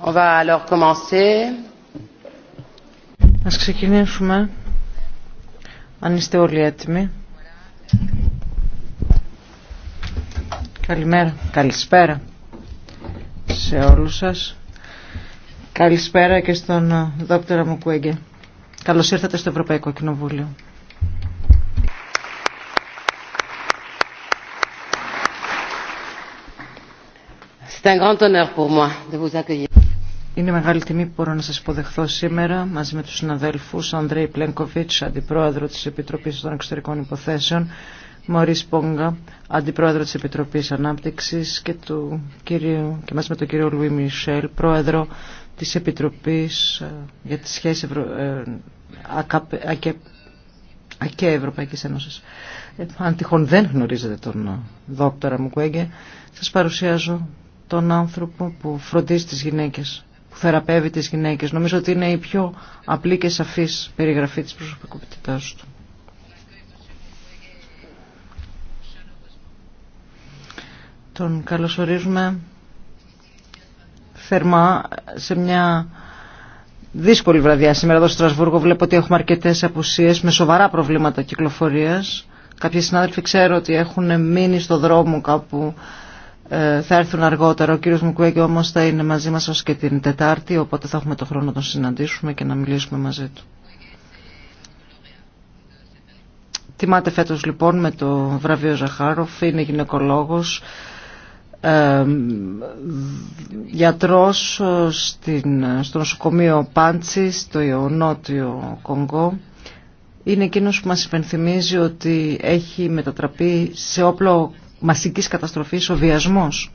On va alors commencer. Ας ξεκινήσουμε, αν είστε όλοι έτοιμοι. Καλημέρα, καλησπέρα σε όλους σας. Καλησπέρα και στον ε, δόκτωρα Μουκουέγγε. Καλώς ήρθατε στο Ευρωπαϊκό Κοινοβούλιο. C'est un grand honneur pour moi de vous accueillir. Είναι μεγάλη τιμή που μπορώ να σας υποδεχθώ σήμερα μαζί με τους συναδέλφους Ανδρέη Πλένκοβιτς, Αντιπρόεδρο της Επιτροπής των Εξωτερικών Υποθέσεων, Μωρίς Πόγκα, Αντιπρόεδρο της Επιτροπής Ανάπτυξης και, του και μαζί με τον κύριο Λουί Μισελ, Πρόεδρο της Επιτροπής ε, για τις σχέσεις Ευρω... Ε, ΑΚΕ... ΑΚΕ Ευρωπαϊκής Ένωσης. Ε, αν τυχόν δεν γνωρίζετε τον δόκτορα Μουκουέγγε, σας παρουσιάζω τον άνθρωπο που φροντίζει τις γυναίκες που θεραπεύει τις γυναίκες. Νομίζω ότι είναι η πιο απλή και σαφής περιγραφή της προσωπικότητάς του. Τον καλωσορίζουμε θερμά σε μια δύσκολη βραδιά. Σήμερα εδώ στο Στρασβούργο βλέπω ότι έχουμε αρκετές απουσίες με σοβαρά προβλήματα κυκλοφορίας. Κάποιοι συνάδελφοι ξέρω ότι έχουν μείνει στο δρόμο κάπου ε, θα έρθουν αργότερα. Ο κύριος Μικουέγγι όμως θα είναι μαζί μας ως και την Τετάρτη, οπότε θα έχουμε το χρόνο να τον συναντήσουμε και να μιλήσουμε μαζί του. Τιμάται φέτος λοιπόν με το βραβείο Ζαχάροφ, είναι γυναικολόγος, ε, γιατρός ε, στην, στο νοσοκομείο Πάντσι, στο Νότιο Κονγκό. Είναι εκείνος που μας υπενθυμίζει ότι έχει μετατραπεί σε όπλο μασικής καταστροφής, ο βιασμός.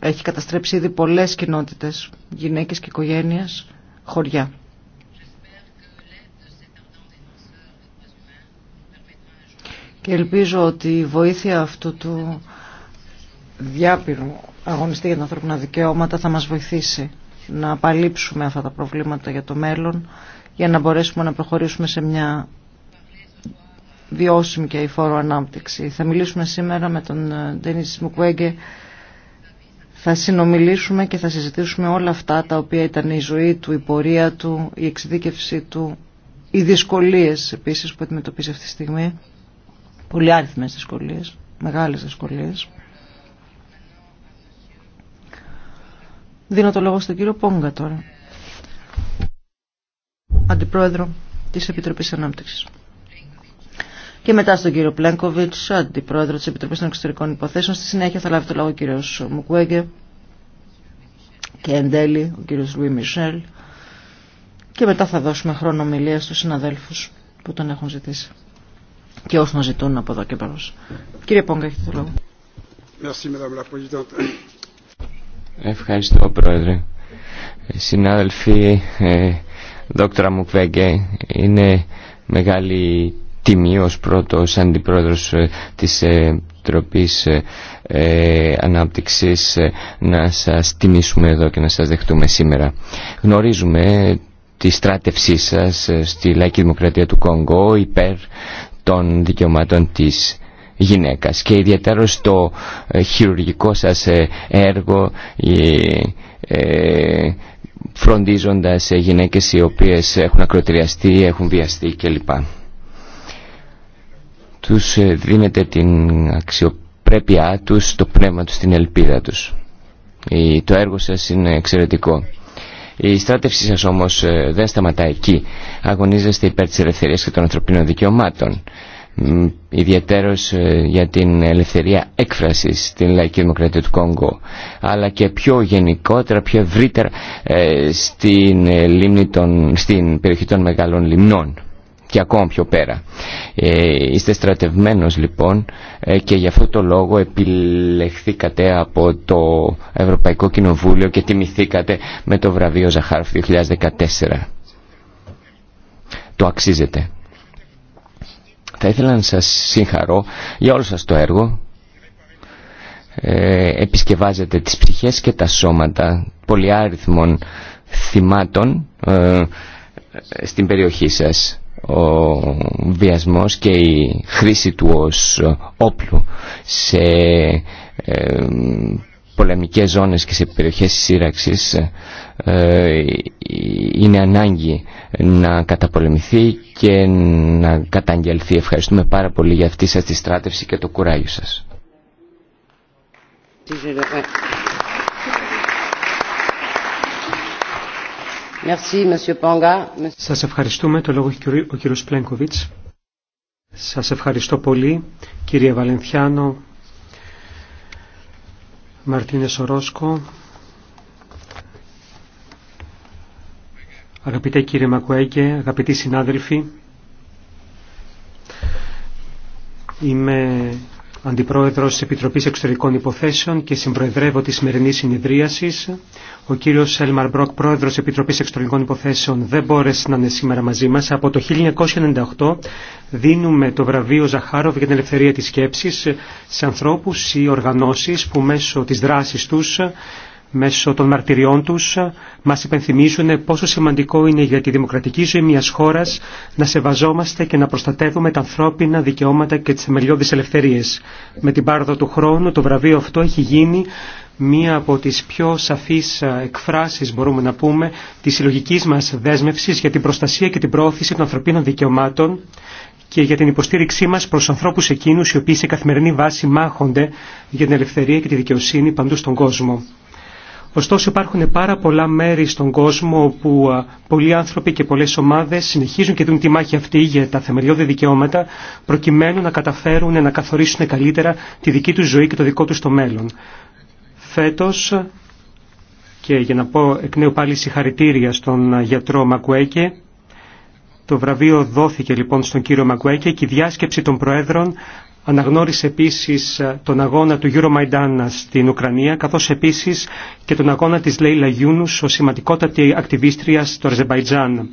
Έχει καταστρέψει ήδη πολλές κοινότητες, γυναίκες και οικογένειες, χωριά. Και ελπίζω ότι η βοήθεια αυτού του διάπειρου αγωνιστή για τα ανθρώπινα δικαιώματα θα μας βοηθήσει να απαλείψουμε αυτά τα προβλήματα για το μέλλον για να μπορέσουμε να προχωρήσουμε σε μια βιώσιμη και η φόρο ανάπτυξη. Θα μιλήσουμε σήμερα με τον ε, Ντένις Μουκουέγκε, θα συνομιλήσουμε και θα συζητήσουμε όλα αυτά τα οποία ήταν η ζωή του, η πορεία του, η εξειδίκευσή του, οι δυσκολίες επίσης που αντιμετωπίζει αυτή τη στιγμή, πολύ άριθμες δυσκολίες, μεγάλες δυσκολίες. Δίνω το λόγο στον κύριο Πόγκα τώρα, Αντιπρόεδρο της Επιτροπής Ανάπτυξης και μετά στον κύριο Πλένκοβιτ, αντιπρόεδρο τη Επιτροπή των Εξωτερικών Υποθέσεων. Στη συνέχεια θα λάβει το λόγο ο κύριο Μουκουέγκε και εν τέλει ο κύριο Λουί Μισελ. Και μετά θα δώσουμε χρόνο ομιλία στου συναδέλφου που τον έχουν ζητήσει και όσων ζητούν από εδώ και πάνω. Κύριε Πόγκα, έχετε το λόγο. Ευχαριστώ, Πρόεδρε. Συνάδελφοι, ε, δόκτωρα Μουκβέγκε, είναι μεγάλη τιμή ως πρώτος αντιπρόεδρος ε, της ε, τροπής ε, Ανάπτυξης να σας τιμήσουμε εδώ και να σας δεχτούμε σήμερα. Γνωρίζουμε τη στράτευσή σας στη Λαϊκή Δημοκρατία του Κόγκο υπέρ των δικαιωμάτων της γυναίκας και ιδιαίτερα στο χειρουργικό σας έργο φροντίζοντας γυναίκες οι οποίες έχουν ακροτηριαστεί, έχουν βιαστεί κλπ τους ε, δίνεται την αξιοπρέπειά τους, το πνεύμα τους, την ελπίδα τους. Ε, το έργο σας είναι εξαιρετικό. Η στράτευσή σας όμως ε, δεν σταματά εκεί. Αγωνίζεστε υπέρ της ελευθερίας και των ανθρωπίνων δικαιωμάτων. Ιδιαίτερο για την ελευθερία έκφρασης στην Λαϊκή Δημοκρατία του Κόγκο. Αλλά και πιο γενικότερα, πιο ευρύτερα στην, λίμνη των, στην περιοχή των μεγάλων λιμνών και ακόμα πιο πέρα. Ε, είστε στρατευμένος λοιπόν ε, και γι' αυτό το λόγο επιλεχθήκατε από το Ευρωπαϊκό Κοινοβούλιο και τιμηθήκατε με το βραβείο Ζαχάροφ 2014. Το αξίζετε. Θα ήθελα να σας συγχαρώ για όλο σας το έργο. Ε, επισκευάζετε τις ψυχές και τα σώματα πολυάριθμων θυμάτων ε, στην περιοχή σας ο βιασμός και η χρήση του ως όπλου σε πολεμικές ζώνες και σε περιοχές σύραξης ε, είναι ανάγκη να καταπολεμηθεί και να καταγγελθεί. Ευχαριστούμε πάρα πολύ για αυτή σας τη στράτευση και το κουράγιο σας. Σας ευχαριστούμε. Το λόγο έχει ο κύριος Πλένκοβιτς. Σας ευχαριστώ πολύ, κύριε Βαλενθιάνο, Μαρτίνε Ορόσκο, αγαπητέ κύριε Μακουέγκε, αγαπητοί συνάδελφοι. Είμαι αντιπρόεδρος της Επιτροπής Εξωτερικών Υποθέσεων και συμπροεδρεύω τη σημερινή συνεδρίασης. Ο κύριο Έλμαρ Μπροκ, πρόεδρο Επιτροπή Εξωτερικών Υποθέσεων, δεν μπόρεσε να είναι σήμερα μαζί μα. Από το 1998 δίνουμε το βραβείο Ζαχάροβ για την ελευθερία τη σκέψη σε ανθρώπου ή οργανώσει που μέσω τη δράση του, μέσω των μαρτυριών του, μα υπενθυμίζουν πόσο σημαντικό είναι για τη δημοκρατική ζωή μια χώρα να σεβαζόμαστε και να προστατεύουμε τα ανθρώπινα δικαιώματα και τι θεμελιώδει ελευθερίε. Με την πάροδο του χρόνου το βραβείο αυτό έχει γίνει μία από τις πιο σαφείς εκφράσεις, μπορούμε να πούμε, της συλλογική μας δέσμευσης για την προστασία και την προώθηση των ανθρωπίνων δικαιωμάτων και για την υποστήριξή μας προς ανθρώπους εκείνους οι οποίοι σε καθημερινή βάση μάχονται για την ελευθερία και τη δικαιοσύνη παντού στον κόσμο. Ωστόσο υπάρχουν πάρα πολλά μέρη στον κόσμο όπου πολλοί άνθρωποι και πολλές ομάδες συνεχίζουν και δουν τη μάχη αυτή για τα θεμελιώδη δικαιώματα προκειμένου να καταφέρουν να καθορίσουν καλύτερα τη δική τους ζωή και το δικό τους το μέλλον φέτος και για να πω εκ νέου πάλι συγχαρητήρια στον γιατρό Μακουέκε. Το βραβείο δόθηκε λοιπόν στον κύριο Μακουέκε και η διάσκεψη των Προέδρων Αναγνώρισε επίσης τον αγώνα του Μαϊντάνα στην Ουκρανία, καθώς επίσης και τον αγώνα της Λέιλα Γιούνους ως σημαντικότατη ακτιβίστρια στο Αρζεμπαϊτζάν.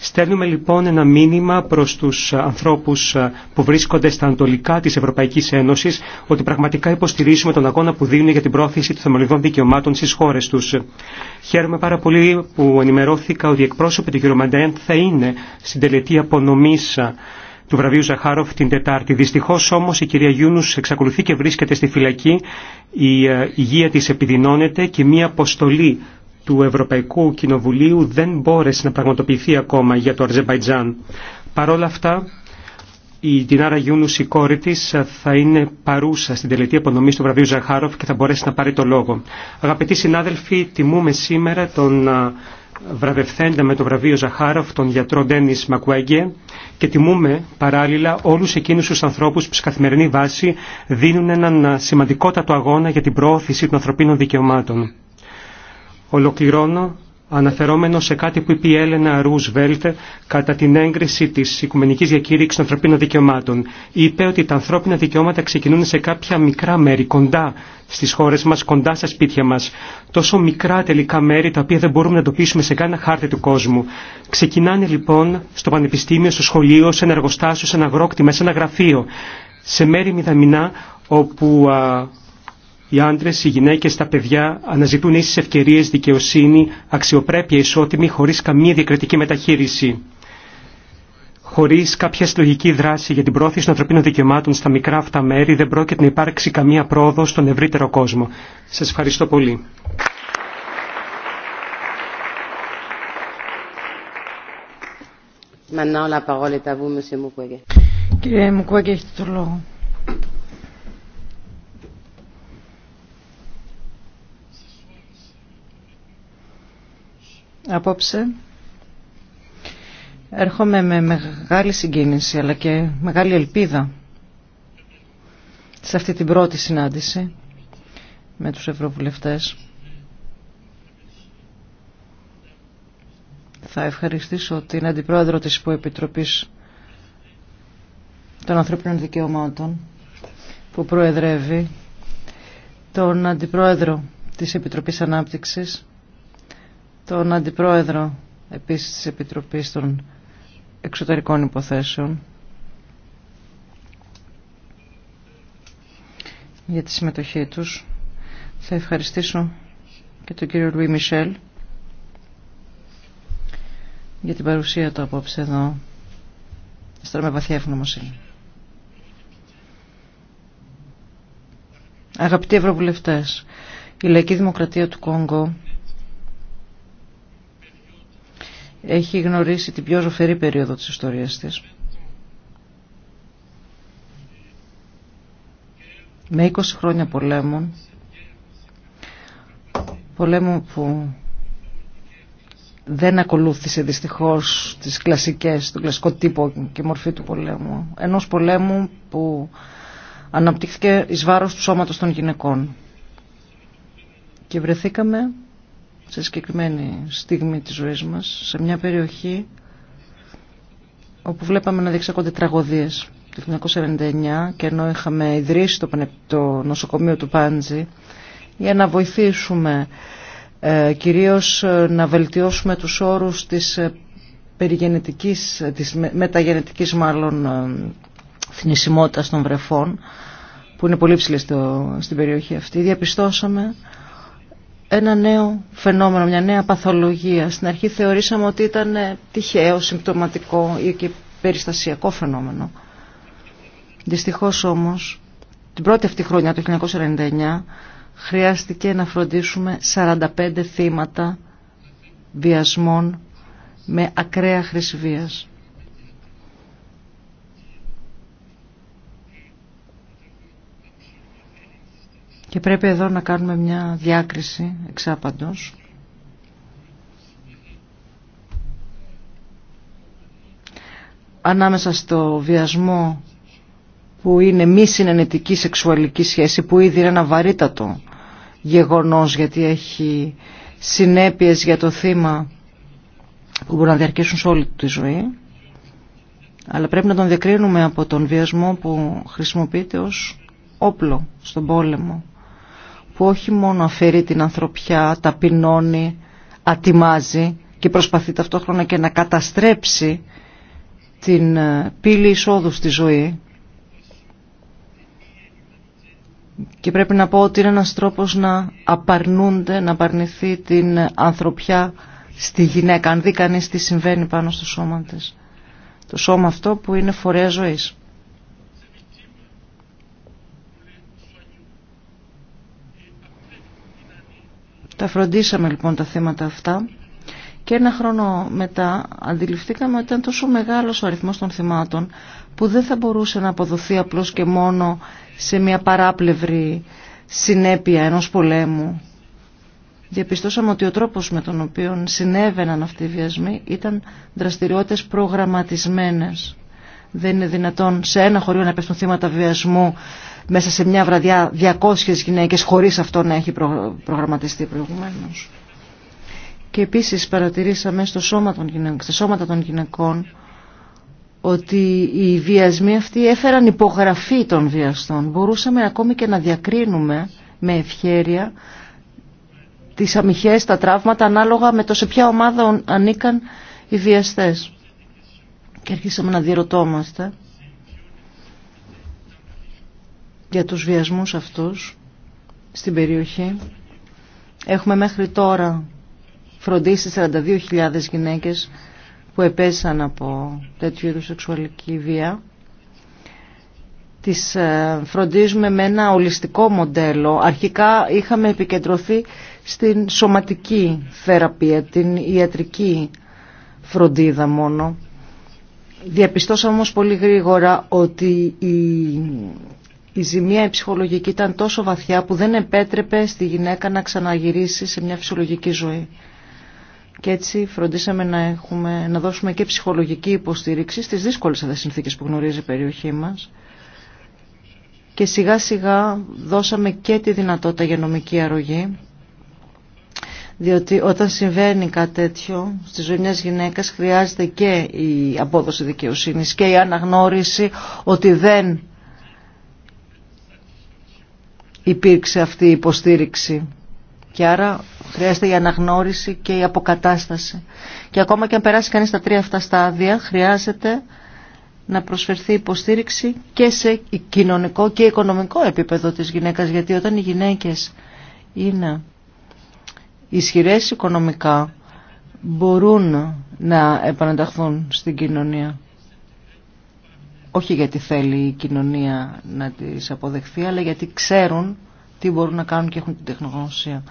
Στέλνουμε λοιπόν ένα μήνυμα προς τους ε, ανθρώπους ε, που βρίσκονται στα αντολικά της Ευρωπαϊκής Ένωσης ότι πραγματικά υποστηρίζουμε τον αγώνα που δίνουν για την πρόθεση των θεμελιωδών δικαιωμάτων στις χώρες τους. Χαίρομαι πάρα πολύ που ενημερώθηκα ότι η εκπρόσωπη του κ. Μαντέν θα είναι στην τελετή απονομή ε, του βραβείου Ζαχάροφ την Τετάρτη. Δυστυχώ όμω η κυρία Γιούνου εξακολουθεί και βρίσκεται στη φυλακή. Η υγεία τη επιδεινώνεται και μια αποστολή του Ευρωπαϊκού Κοινοβουλίου δεν μπόρεσε να πραγματοποιηθεί ακόμα για το Αρζεμπαϊτζάν. Παρ' όλα αυτά, η Τινάρα Γιούνους, η κόρη τη, θα είναι παρούσα στην τελετή απονομή του βραβείου Ζαχάροφ και θα μπορέσει να πάρει το λόγο. Αγαπητοί συνάδελφοι, τιμούμε σήμερα τον βραβευθέντα με το βραβείο Ζαχάροφ τον γιατρό Ντένι Μακουέγγε και τιμούμε παράλληλα όλους εκείνους τους ανθρώπους που σε καθημερινή βάση δίνουν έναν σημαντικότατο αγώνα για την προώθηση των ανθρωπίνων δικαιωμάτων. Ολοκληρώνω αναφερόμενο σε κάτι που είπε η Έλενα Ρούσβελτ κατά την έγκριση της Οικουμενικής Διακήρυξη των Ανθρωπίνων Δικαιωμάτων. Είπε ότι τα ανθρώπινα δικαιώματα ξεκινούν σε κάποια μικρά μέρη, κοντά στις χώρες μας, κοντά στα σπίτια μας. Τόσο μικρά τελικά μέρη τα οποία δεν μπορούμε να εντοπίσουμε σε κανένα χάρτη του κόσμου. Ξεκινάνε λοιπόν στο πανεπιστήμιο, στο σχολείο, σε ένα εργοστάσιο, σε ένα γρόκτημα, σε ένα γραφείο. Σε μέρη μηδαμινά όπου α, οι άντρε, οι γυναίκε, τα παιδιά αναζητούν ίσε ευκαιρίε, δικαιοσύνη, αξιοπρέπεια ισότιμη, χωρί καμία διακριτική μεταχείριση. Χωρί κάποια συλλογική δράση για την πρόθεση των ανθρωπίνων δικαιωμάτων στα μικρά αυτά μέρη δεν πρόκειται να υπάρξει καμία πρόοδο στον ευρύτερο κόσμο. Σα ευχαριστώ πολύ. Απόψε έρχομαι με μεγάλη συγκίνηση αλλά και μεγάλη ελπίδα σε αυτή την πρώτη συνάντηση με τους ευρωβουλευτές. Θα ευχαριστήσω την Αντιπρόεδρο της Υποεπιτροπής των Ανθρωπίνων Δικαιωμάτων που προεδρεύει, τον Αντιπρόεδρο της Επιτροπής Ανάπτυξης, τον Αντιπρόεδρο επίσης της Επιτροπής των Εξωτερικών Υποθέσεων για τη συμμετοχή τους. Θα ευχαριστήσω και τον κύριο Λουί Μισελ για την παρουσία του απόψε εδώ. με βαθιά ευγνωμοσύνη. Αγαπητοί Ευρωβουλευτές, η Λαϊκή Δημοκρατία του Κόγκο έχει γνωρίσει την πιο ζωφερή περίοδο της ιστορίας της. Με 20 χρόνια πολέμων, πολέμου που δεν ακολούθησε δυστυχώς τις κλασικές, τον κλασικό τύπο και μορφή του πολέμου. Ενός πολέμου που αναπτύχθηκε εις βάρος του σώματος των γυναικών. Και βρεθήκαμε σε συγκεκριμένη στιγμή της ζωής μας, σε μια περιοχή όπου βλέπαμε να διεξακόνται τραγωδίες. Το 1999 και ενώ είχαμε ιδρύσει το, νοσοκομείο του Πάντζη για να βοηθήσουμε ε, κυρίως ε, να βελτιώσουμε τους όρους της ε, περιγενετικής, ε, της μεταγενετικής μάλλον θνησιμότητας των βρεφών που είναι πολύ ψηλή στην περιοχή αυτή. Διαπιστώσαμε ένα νέο φαινόμενο, μια νέα παθολογία. Στην αρχή θεωρήσαμε ότι ήταν ε, τυχαίο, συμπτωματικό ή και περιστασιακό φαινόμενο. Δυστυχώς όμως, την πρώτη αυτή χρονιά, το 1999, χρειάστηκε να φροντίσουμε 45 θύματα βιασμών με ακραία χρησιβίας. Και πρέπει εδώ να κάνουμε μια διάκριση εξάπαντος. Ανάμεσα στο βιασμό που είναι μη συνενετική σεξουαλική σχέση, που ήδη είναι ένα βαρύτατο γεγονός γιατί έχει συνέπειες για το θύμα που μπορεί να διαρκέσουν σε όλη τη ζωή αλλά πρέπει να τον διακρίνουμε από τον βιασμό που χρησιμοποιείται ως όπλο στον πόλεμο που όχι μόνο αφαιρεί την ανθρωπιά, ταπεινώνει, ατιμάζει και προσπαθεί ταυτόχρονα και να καταστρέψει την ε, πύλη εισόδου στη ζωή. Και πρέπει να πω ότι είναι ένας τρόπος να απαρνούνται, να απαρνηθεί την ανθρωπιά στη γυναίκα, αν δει κανείς τι συμβαίνει πάνω στο σώμα της. Το σώμα αυτό που είναι φορέα ζωής. Τα φροντίσαμε λοιπόν τα θέματα αυτά και ένα χρόνο μετά αντιληφθήκαμε ότι ήταν τόσο μεγάλος ο αριθμός των θυμάτων που δεν θα μπορούσε να αποδοθεί απλώς και μόνο σε μια παράπλευρη συνέπεια ενός πολέμου. Διαπιστώσαμε ότι ο τρόπος με τον οποίο συνέβαιναν αυτοί οι βιασμοί ήταν δραστηριότητες προγραμματισμένες. Δεν είναι δυνατόν σε ένα χωριό να πέσουν θύματα βιασμού μέσα σε μια βραδιά 200 γυναίκες χωρίς αυτό να έχει προγραμματιστεί προηγουμένως. Και επίσης παρατηρήσαμε στο σώμα των γυναίκων, στα σώματα των γυναικών ότι οι βιασμοί αυτοί έφεραν υπογραφή των βιαστών. Μπορούσαμε ακόμη και να διακρίνουμε με ευχέρεια τις αμοιχές, τα τραύματα ανάλογα με το σε ποια ομάδα ανήκαν οι βιαστές και αρχίσαμε να διερωτόμαστε για τους βιασμούς αυτούς στην περιοχή. Έχουμε μέχρι τώρα φροντίσει 42.000 γυναίκες που επέσαν από τέτοιου είδους σεξουαλική βία. Τις ε, φροντίζουμε με ένα ολιστικό μοντέλο. Αρχικά είχαμε επικεντρωθεί στην σωματική θεραπεία, την ιατρική φροντίδα μόνο. Διαπιστώσαμε όμως πολύ γρήγορα ότι η, η ζημία ψυχολογική ήταν τόσο βαθιά που δεν επέτρεπε στη γυναίκα να ξαναγυρίσει σε μια φυσιολογική ζωή. Και έτσι φροντίσαμε να, έχουμε, να δώσουμε και ψυχολογική υποστήριξη στις δύσκολες συνθήκες που γνωρίζει η περιοχή μας. Και σιγά σιγά δώσαμε και τη δυνατότητα για νομική αρρωγή διότι όταν συμβαίνει κάτι τέτοιο στη ζωή μιας γυναίκας χρειάζεται και η απόδοση δικαιοσύνης και η αναγνώριση ότι δεν υπήρξε αυτή η υποστήριξη. Και άρα χρειάζεται η αναγνώριση και η αποκατάσταση. Και ακόμα και αν περάσει κανείς τα τρία αυτά στάδια χρειάζεται να προσφερθεί υποστήριξη και σε κοινωνικό και οικονομικό επίπεδο της γυναίκας. Γιατί όταν οι γυναίκες είναι ισχυρές οικονομικά μπορούν να επαναταχθούν στην κοινωνία. Όχι γιατί θέλει η κοινωνία να τις αποδεχθεί, αλλά γιατί ξέρουν τι μπορούν να κάνουν και έχουν την τεχνογνωσία.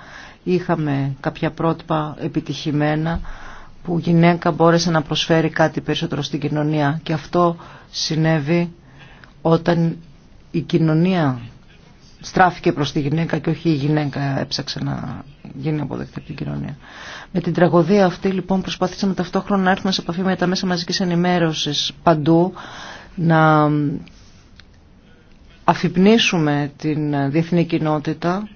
Είχαμε κάποια πρότυπα επιτυχημένα που η γυναίκα μπόρεσε να προσφέρει κάτι περισσότερο στην κοινωνία και αυτό συνέβη όταν η κοινωνία στράφηκε προς τη γυναίκα και όχι η γυναίκα έψαξε να γίνει αποδεκτή από την κοινωνία. Με την τραγωδία αυτή λοιπόν προσπαθήσαμε ταυτόχρονα να έρθουμε σε επαφή με τα μέσα μαζικής ενημέρωσης παντού, να αφυπνίσουμε την ε, διεθνή κοινότητα.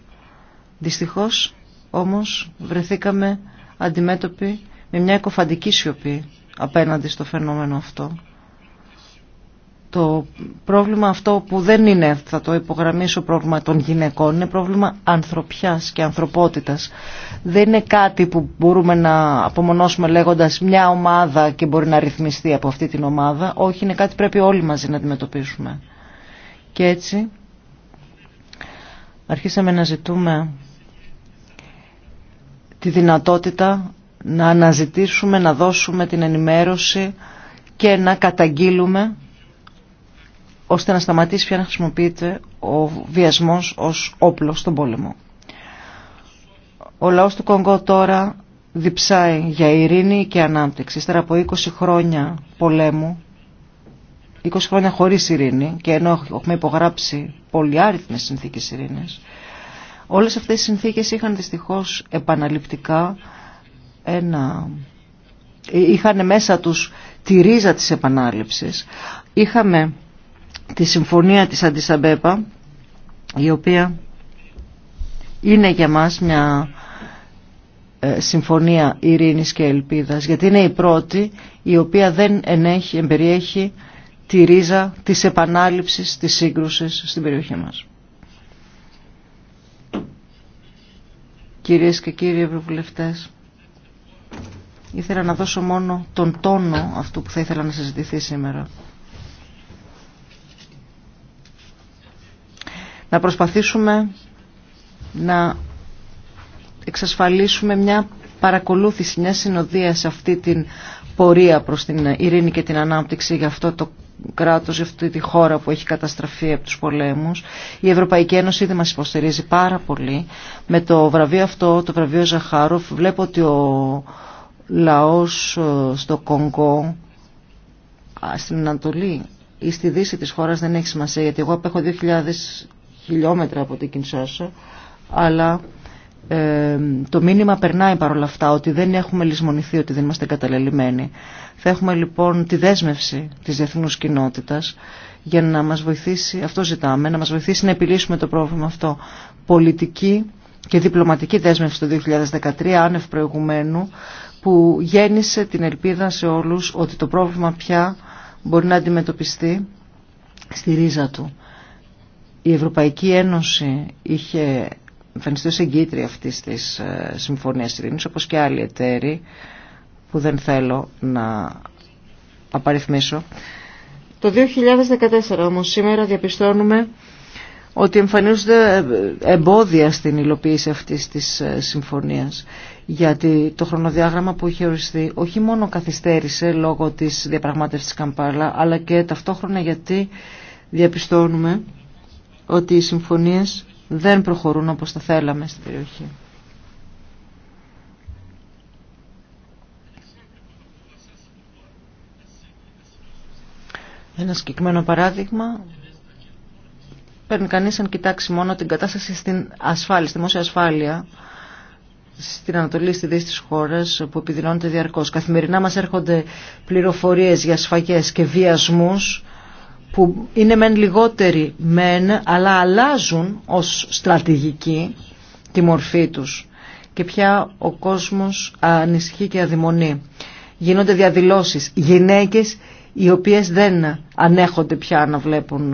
Δυστυχώς όμως βρεθήκαμε αντιμέτωποι με μια εκοφαντική σιωπή απέναντι στο φαινόμενο αυτό το πρόβλημα αυτό που δεν είναι, θα το υπογραμμίσω, πρόβλημα των γυναικών, είναι πρόβλημα ανθρωπιάς και ανθρωπότητας. Δεν είναι κάτι που μπορούμε να απομονώσουμε λέγοντας μια ομάδα και μπορεί να ρυθμιστεί από αυτή την ομάδα. Όχι, είναι κάτι που πρέπει όλοι μαζί να αντιμετωπίσουμε. Και έτσι αρχίσαμε να ζητούμε τη δυνατότητα να αναζητήσουμε, να δώσουμε την ενημέρωση και να καταγγείλουμε ώστε να σταματήσει πια να χρησιμοποιείται ο βιασμός ως όπλο στον πόλεμο. Ο λαός του Κονγκό τώρα διψάει για ειρήνη και ανάπτυξη. Ύστερα από 20 χρόνια πολέμου, 20 χρόνια χωρίς ειρήνη και ενώ έχουμε υπογράψει πολυάριθμες συνθήκες ειρήνης, όλες αυτές οι συνθήκες είχαν δυστυχώς επαναληπτικά ένα... είχαν μέσα τους τη ρίζα της επανάληψης. Είχαμε τη συμφωνία της Αντισαμπέπα η οποία είναι για μας μια ε, συμφωνία ειρήνης και ελπίδας γιατί είναι η πρώτη η οποία δεν ενέχει, εμπεριέχει τη ρίζα της επανάληψης της σύγκρουσης στην περιοχή μας. Κυρίες και κύριοι ευρωβουλευτές, ήθελα να δώσω μόνο τον τόνο αυτού που θα ήθελα να συζητηθεί σήμερα. να προσπαθήσουμε να εξασφαλίσουμε μια παρακολούθηση, μια συνοδεία σε αυτή την πορεία προς την ειρήνη και την ανάπτυξη για αυτό το κράτος, για αυτή τη χώρα που έχει καταστραφεί από τους πολέμους. Η Ευρωπαϊκή Ένωση ήδη μας υποστηρίζει πάρα πολύ. Με το βραβείο αυτό, το βραβείο Ζαχάροφ, βλέπω ότι ο λαός ε, στο Κονγκό, στην Ανατολή ή στη δύση της χώρας δεν έχει σημασία, γιατί εγώ απέχω χιλιόμετρα από την Κινσάσα, αλλά ε, το μήνυμα περνάει παρόλα αυτά ότι δεν έχουμε λησμονηθεί, ότι δεν είμαστε καταλελειμμένοι. Θα έχουμε λοιπόν τη δέσμευση της διεθνούς κοινότητας για να μας βοηθήσει, αυτό ζητάμε, να μας βοηθήσει να επιλύσουμε το πρόβλημα αυτό. Πολιτική και διπλωματική δέσμευση το 2013, άνευ προηγουμένου, που γέννησε την ελπίδα σε όλους ότι το πρόβλημα πια μπορεί να αντιμετωπιστεί στη ρίζα του η Ευρωπαϊκή Ένωση είχε εμφανιστεί ως εγκύτρια αυτής της ε, Συμφωνίας Ειρήνης όπως και άλλοι εταίροι που δεν θέλω να απαριθμίσω. Το 2014 όμως σήμερα διαπιστώνουμε ότι εμφανίζονται ε, εμπόδια στην υλοποίηση αυτής της ε, συμφωνίας γιατί το χρονοδιάγραμμα που είχε οριστεί όχι μόνο καθυστέρησε λόγω της διαπραγμάτευσης Καμπάλα αλλά και ταυτόχρονα γιατί διαπιστώνουμε ότι οι συμφωνίες δεν προχωρούν όπως τα θέλαμε στην περιοχή. Ένα συγκεκριμένο παράδειγμα παίρνει κανείς αν κοιτάξει μόνο την κατάσταση στην ασφάλεια, στη δημόσια ασφάλεια στην Ανατολή, στη Δύση της χώρας που επιδεινώνεται διαρκώς. Καθημερινά μας έρχονται πληροφορίες για σφαγές και βιασμούς που είναι μεν λιγότεροι μεν, αλλά αλλάζουν ως στρατηγική τη μορφή τους και πια ο κόσμος ανησυχεί και αδειμονεί. Γίνονται διαδηλώσεις, γυναίκες οι οποίες δεν ανέχονται πια να βλέπουν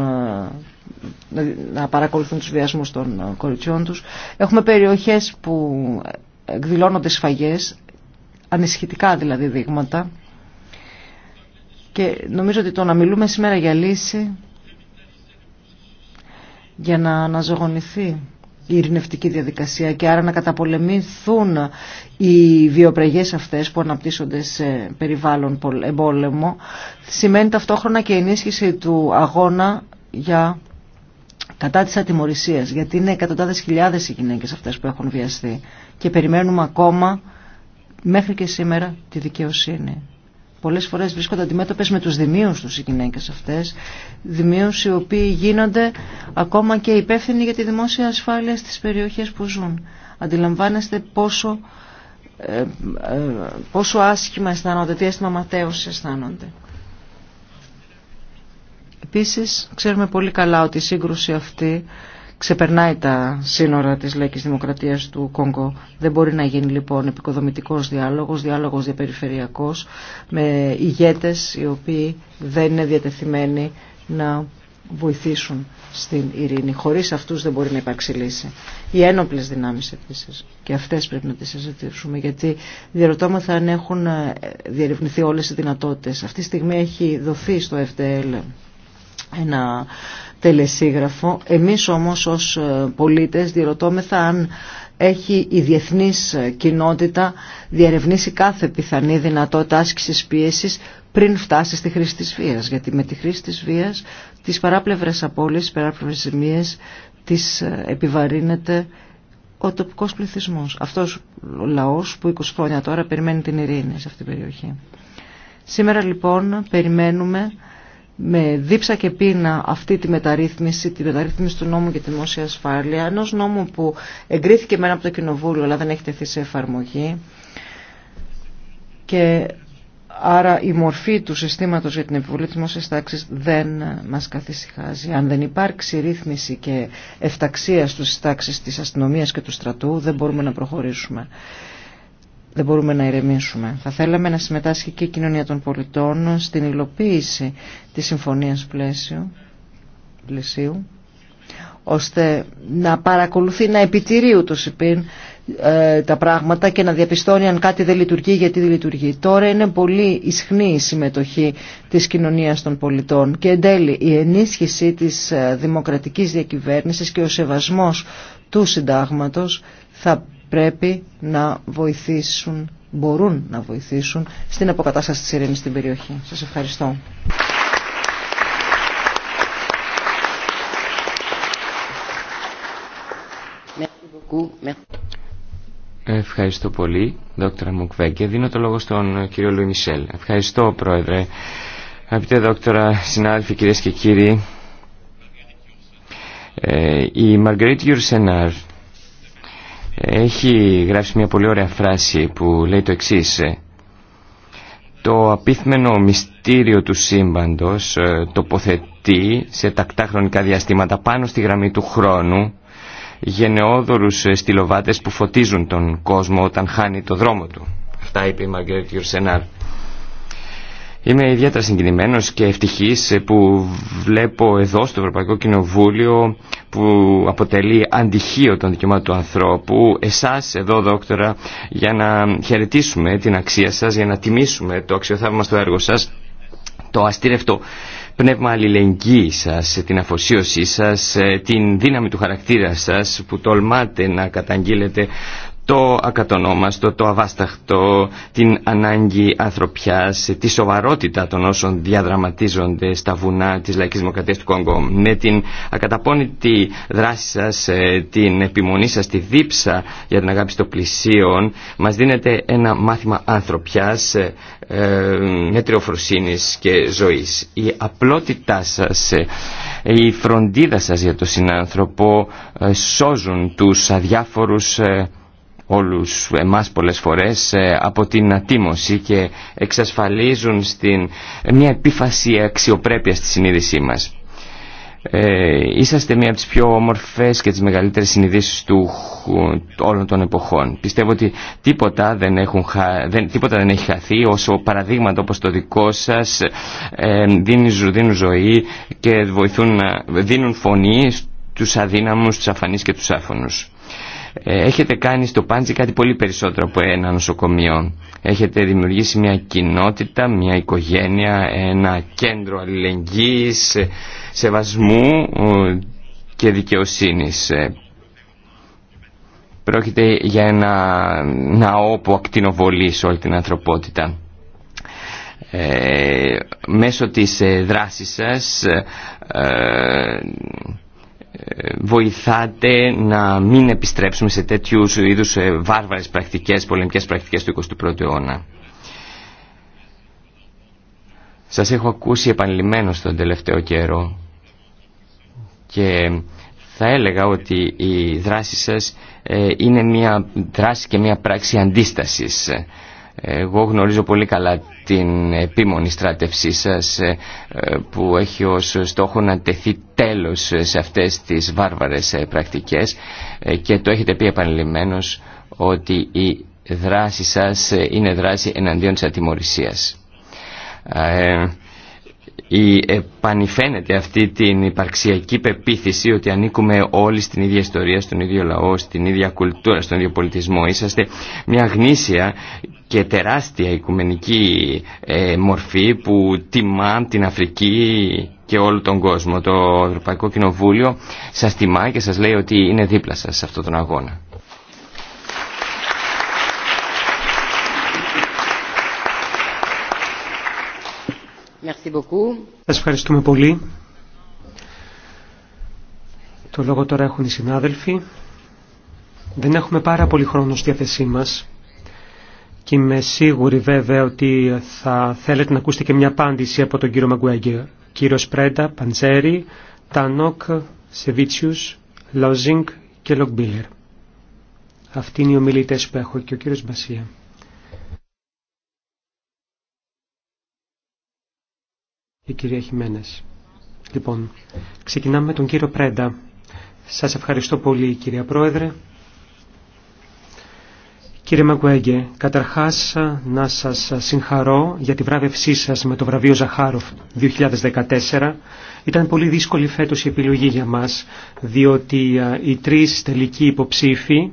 ε, να παρακολουθούν τους βιασμούς των ε, κοριτσιών τους. Έχουμε περιοχές που εκδηλώνονται σφαγές, ανησυχητικά δηλαδή δείγματα. Και νομίζω ότι το να μιλούμε σήμερα για λύση, για να αναζωογονηθεί η ειρηνευτική διαδικασία και άρα να καταπολεμηθούν οι βιοπρεγές αυτές που αναπτύσσονται σε περιβάλλον εμπόλεμο, σημαίνει ταυτόχρονα και ενίσχυση του αγώνα για κατά της ατιμορρησίας, γιατί είναι εκατοντάδες χιλιάδες οι γυναίκες αυτές που έχουν βιαστεί και περιμένουμε ακόμα μέχρι και σήμερα τη δικαιοσύνη πολλές φορές βρίσκονται αντιμέτωπες με τους δημίους τους οι γυναίκες αυτές, δημίους οι οποίοι γίνονται ακόμα και υπεύθυνοι για τη δημόσια ασφάλεια στις περιοχές που ζουν. Αντιλαμβάνεστε πόσο, ε, ε, πόσο άσχημα αισθάνονται, τι αίσθημα ματέως αισθάνονται. Επίσης, ξέρουμε πολύ καλά ότι η σύγκρουση αυτή ξεπερνάει τα σύνορα της λαϊκής δημοκρατίας του Κόγκο. Δεν μπορεί να γίνει λοιπόν επικοδομητικός διάλογος, διάλογος διαπεριφερειακός με ηγέτες οι οποίοι δεν είναι διατεθειμένοι να βοηθήσουν στην ειρήνη. Χωρίς αυτούς δεν μπορεί να υπάρξει λύση. Οι ένοπλες δυνάμεις επίσης και αυτές πρέπει να τις συζητήσουμε γιατί διαρωτώμεθα αν έχουν ε, διερευνηθεί όλες οι δυνατότητες. Αυτή τη στιγμή έχει δοθεί στο FDL ένα τελεσίγραφο. Εμείς όμως ως ε, πολίτες διερωτώμεθα αν έχει η διεθνής ε, κοινότητα διαρευνήσει κάθε πιθανή δυνατότητα άσκησης πίεσης πριν φτάσει στη χρήση της βίας. Γιατί με τη χρήση της βίας τις παράπλευρες απώλειες, τις παράπλευρες ζημίες τις ε, επιβαρύνεται ο τοπικός πληθυσμός. Αυτός ο λαός που 20 χρόνια τώρα περιμένει την ειρήνη σε αυτή την περιοχή. Σήμερα λοιπόν περιμένουμε με δίψα και πείνα αυτή τη μεταρρύθμιση, τη μεταρρύθμιση του νόμου για τη δημόσια ασφάλεια, ενό νόμου που εγκρίθηκε μένα από το Κοινοβούλιο αλλά δεν έχει τεθεί σε εφαρμογή. Και άρα η μορφή του συστήματος για την επιβολή της δημόσιας τάξης δεν μας καθησυχάζει. Αν δεν υπάρξει ρύθμιση και εφταξία στους τάξεις της αστυνομίας και του στρατού δεν μπορούμε να προχωρήσουμε δεν μπορούμε να ηρεμήσουμε. Θα θέλαμε να συμμετάσχει και η κοινωνία των πολιτών στην υλοποίηση της συμφωνίας πλαίσιο, πλαισίου, ώστε να παρακολουθεί, να επιτηρεί ούτως η ε, τα πράγματα και να διαπιστώνει αν κάτι δεν λειτουργεί, γιατί δεν λειτουργεί. Τώρα είναι πολύ ισχνή η συμμετοχή της κοινωνίας των πολιτών και εν τέλει η ενίσχυση της ε, δημοκρατικής διακυβέρνησης και ο σεβασμός του συντάγματος θα πρέπει να βοηθήσουν, μπορούν να βοηθήσουν στην αποκατάσταση της ειρήνης στην περιοχή. Σας ευχαριστώ. Ευχαριστώ πολύ, δόκτωρα Μουκβέγκε. Δίνω το λόγο στον κύριο Λουί Μισελ. Ευχαριστώ, πρόεδρε. Αγαπητέ δόκτωρα, συνάδελφοι, κυρίες και κύριοι, ε, η Μαργκρίτ Γιουρσενάρ έχει γράψει μια πολύ ωραία φράση που λέει το εξής ε, το απίθμενο μυστήριο του σύμπαντος ε, τοποθετεί σε τακτά χρονικά διαστήματα πάνω στη γραμμή του χρόνου γενναιόδωρους στυλοβάτες που φωτίζουν τον κόσμο όταν χάνει το δρόμο του. Αυτά είπε η Μαργκρέτ Γιουρσενάρ. Είμαι ιδιαίτερα συγκινημένος και ευτυχής που βλέπω εδώ στο Ευρωπαϊκό Κοινοβούλιο που αποτελεί αντιχείο των δικαιωμάτων του ανθρώπου εσάς εδώ δόκτωρα για να χαιρετήσουμε την αξία σας, για να τιμήσουμε το αξιοθαύμα στο έργο σας, το αστήρευτο πνεύμα αλληλεγγύη σας, την αφοσίωσή σας, την δύναμη του χαρακτήρα σας που τολμάτε να καταγγείλετε το ακατονόμαστο, το αβάσταχτο, την ανάγκη ανθρωπιάς, τη σοβαρότητα των όσων διαδραματίζονται στα βουνά της Λαϊκής Δημοκρατίας του Κόγκο. Με την ακαταπώνητη δράση σας, ε, την επιμονή σας, τη δίψα για την αγάπη των πλησίων, μας δίνεται ένα μάθημα ανθρωπιάς, ε, ε, μετριοφροσύνης και ζωής. Η απλότητά σας, η φροντίδα σας για τον συνάνθρωπο σώζουν τους αδιάφορους όλους εμάς πολλές φορές ε, από την ατίμωση και εξασφαλίζουν στην, μια επίφαση αξιοπρέπεια στη συνείδησή μας. Ε, είσαστε μία από τις πιο όμορφες και τις μεγαλύτερες συνειδήσεις του, όλων των εποχών. Πιστεύω ότι τίποτα δεν, έχουν, δεν, τίποτα δεν έχει χαθεί όσο παραδείγματα όπως το δικό σας ε, δίνουν, ζωή και βοηθούν, ε, δίνουν φωνή στους αδύναμους, τους αφανείς και τους άφωνους. Ε, έχετε κάνει στο Πάντζι κάτι πολύ περισσότερο από ένα νοσοκομείο. Έχετε δημιουργήσει μια κοινότητα, μια οικογένεια, ένα κέντρο αλληλεγγύης, σεβασμού και δικαιοσύνης. Ε, πρόκειται για ένα ναό που ακτινοβολεί σε όλη την ανθρωπότητα. Ε, μέσω της δράσης σας βοηθάτε να μην επιστρέψουμε σε τέτοιους είδους ε, βάρβαρες πρακτικές, πολεμικές πρακτικές του 21ου αιώνα. Σας έχω ακούσει επανειλημμένως τον τελευταίο καιρό και θα έλεγα ότι η δράση σας ε, είναι μια δράση και μια πράξη αντίστασης. Εγώ γνωρίζω πολύ καλά την επίμονη στράτευσή σας ε, που έχει ως στόχο να τεθεί τέλος σε αυτές τις βάρβαρες ε, πρακτικές ε, και το έχετε πει επανειλημμένως ότι η δράση σας είναι δράση εναντίον της ατιμορρησίας η, επανηφαίνεται αυτή την υπαρξιακή πεποίθηση ότι ανήκουμε όλοι στην ίδια ιστορία, στον ίδιο λαό, στην ίδια κουλτούρα, στον ίδιο πολιτισμό. Είσαστε μια γνήσια και τεράστια οικουμενική ε, μορφή που τιμά την Αφρική και όλο τον κόσμο. Το Ευρωπαϊκό Κοινοβούλιο σας τιμά και σας λέει ότι είναι δίπλα σας σε αυτόν τον αγώνα. Σας ευχαριστούμε πολύ. Το λόγο τώρα έχουν οι συνάδελφοι. Δεν έχουμε πάρα πολύ χρόνο στη διάθεσή μας και είμαι σίγουρη βέβαια ότι θα θέλετε να ακούσετε και μια απάντηση από τον κύριο Μαγκουέγγε. κύριο Πρέντα, Παντζέρη, Τανόκ, Σεβίτσιους, Λόζινγκ και Λογμπίλερ. Αυτοί είναι οι ομιλητές που έχω και ο κύριος Μπασία. η κυρία Χιμένες. Λοιπόν, ξεκινάμε με τον κύριο Πρέντα. Σας ευχαριστώ πολύ κυρία Πρόεδρε. Κύριε Μαγκουέγγε, καταρχάς να σας συγχαρώ για τη βράβευσή σας με το βραβείο Ζαχάροφ 2014. Ήταν πολύ δύσκολη φέτος η επιλογή για μας, διότι ε, οι τρεις τελικοί υποψήφοι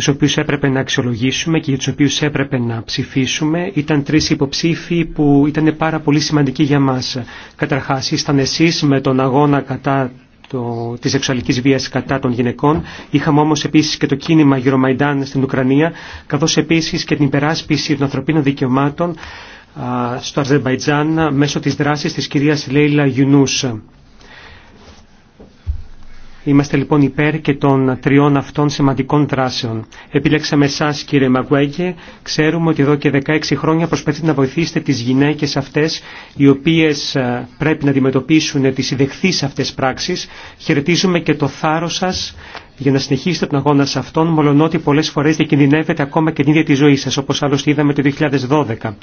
τους οποίους έπρεπε να αξιολογήσουμε και για τους οποίους έπρεπε να ψηφίσουμε. Ήταν τρεις υποψήφοι που ήταν πάρα πολύ σημαντικοί για μας. Καταρχάς, ήσταν εσείς με τον αγώνα κατά το, της σεξουαλικής βίας κατά των γυναικών. Είχαμε όμως επίσης και το κίνημα Γερομαϊντάν στην Ουκρανία, καθώς επίσης και την υπεράσπιση των ανθρωπίνων δικαιωμάτων στο Αζερμπαϊτζάν μέσω της δράσης της κυρίας Λέιλα Γιουνούς. Είμαστε λοιπόν υπέρ και των τριών αυτών σημαντικών δράσεων. Επιλέξαμε εσά κύριε Μαγκουέγγε. Ξέρουμε ότι εδώ και 16 χρόνια προσπαθείτε να βοηθήσετε τι γυναίκε αυτέ οι οποίε ε, πρέπει να αντιμετωπίσουν τι ιδεχθεί αυτέ πράξει. Χαιρετίζουμε και το θάρρο σα για να συνεχίσετε τον αγώνα σε αυτόν, μολονότι πολλέ φορέ διακινδυνεύετε ακόμα και την ίδια τη ζωή σα, όπω άλλωστε είδαμε το 2012.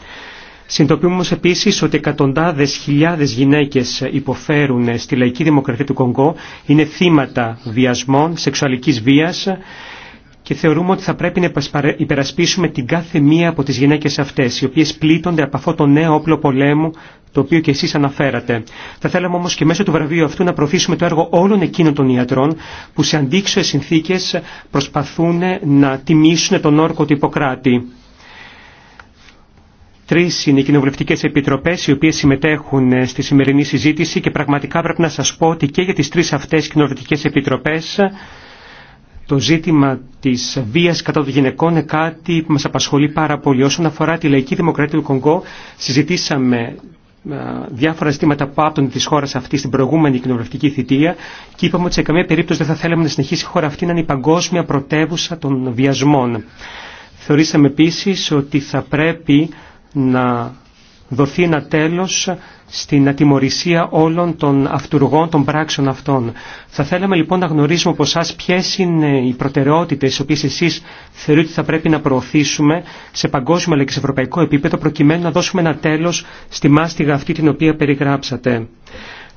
Συντοποιούμε, όμω επίση ότι εκατοντάδε χιλιάδε γυναίκε υποφέρουν στη λαϊκή δημοκρατία του Κονγκό, είναι θύματα βιασμών, σεξουαλική βία και θεωρούμε ότι θα πρέπει να υπερασπίσουμε την κάθε μία από τις γυναίκες αυτές, οι οποίες πλήττονται από αυτό το νέο όπλο πολέμου, το οποίο και εσείς αναφέρατε. Θα θέλαμε όμως και μέσω του βραβείου αυτού να προωθήσουμε το έργο όλων εκείνων των ιατρών, που σε αντίξωες συνθήκες προσπαθούν να τιμήσουν τον όρκο του Ιπποκράτη. Τρει είναι οι κοινοβουλευτικέ επιτροπέ οι οποίε συμμετέχουν ε, στη σημερινή συζήτηση και πραγματικά πρέπει να σα πω ότι και για τι τρει αυτέ κοινοβουλευτικέ επιτροπέ το ζήτημα τη βία κατά των γυναικών είναι κάτι που μα απασχολεί πάρα πολύ. Όσον αφορά τη λαϊκή δημοκρατία του Κονγκό, συζητήσαμε ε, διάφορα ζητήματα που άπτονται τη χώρα αυτή στην προηγούμενη κοινοβουλευτική θητεία και είπαμε ότι σε καμία περίπτωση δεν θα θέλαμε να συνεχίσει η χώρα αυτή να είναι η παγκόσμια πρωτεύουσα των βιασμών. Θεωρήσαμε επίση ότι θα πρέπει να δοθεί ένα τέλος στην ατιμορρησία όλων των αυτουργών των πράξεων αυτών. Θα θέλαμε λοιπόν να γνωρίσουμε από εσά ποιε είναι οι προτεραιότητες οι οποίες εσείς θεωρείτε ότι θα πρέπει να προωθήσουμε σε παγκόσμιο αλλά και σε ευρωπαϊκό επίπεδο προκειμένου να δώσουμε ένα τέλος στη μάστιγα αυτή την οποία περιγράψατε.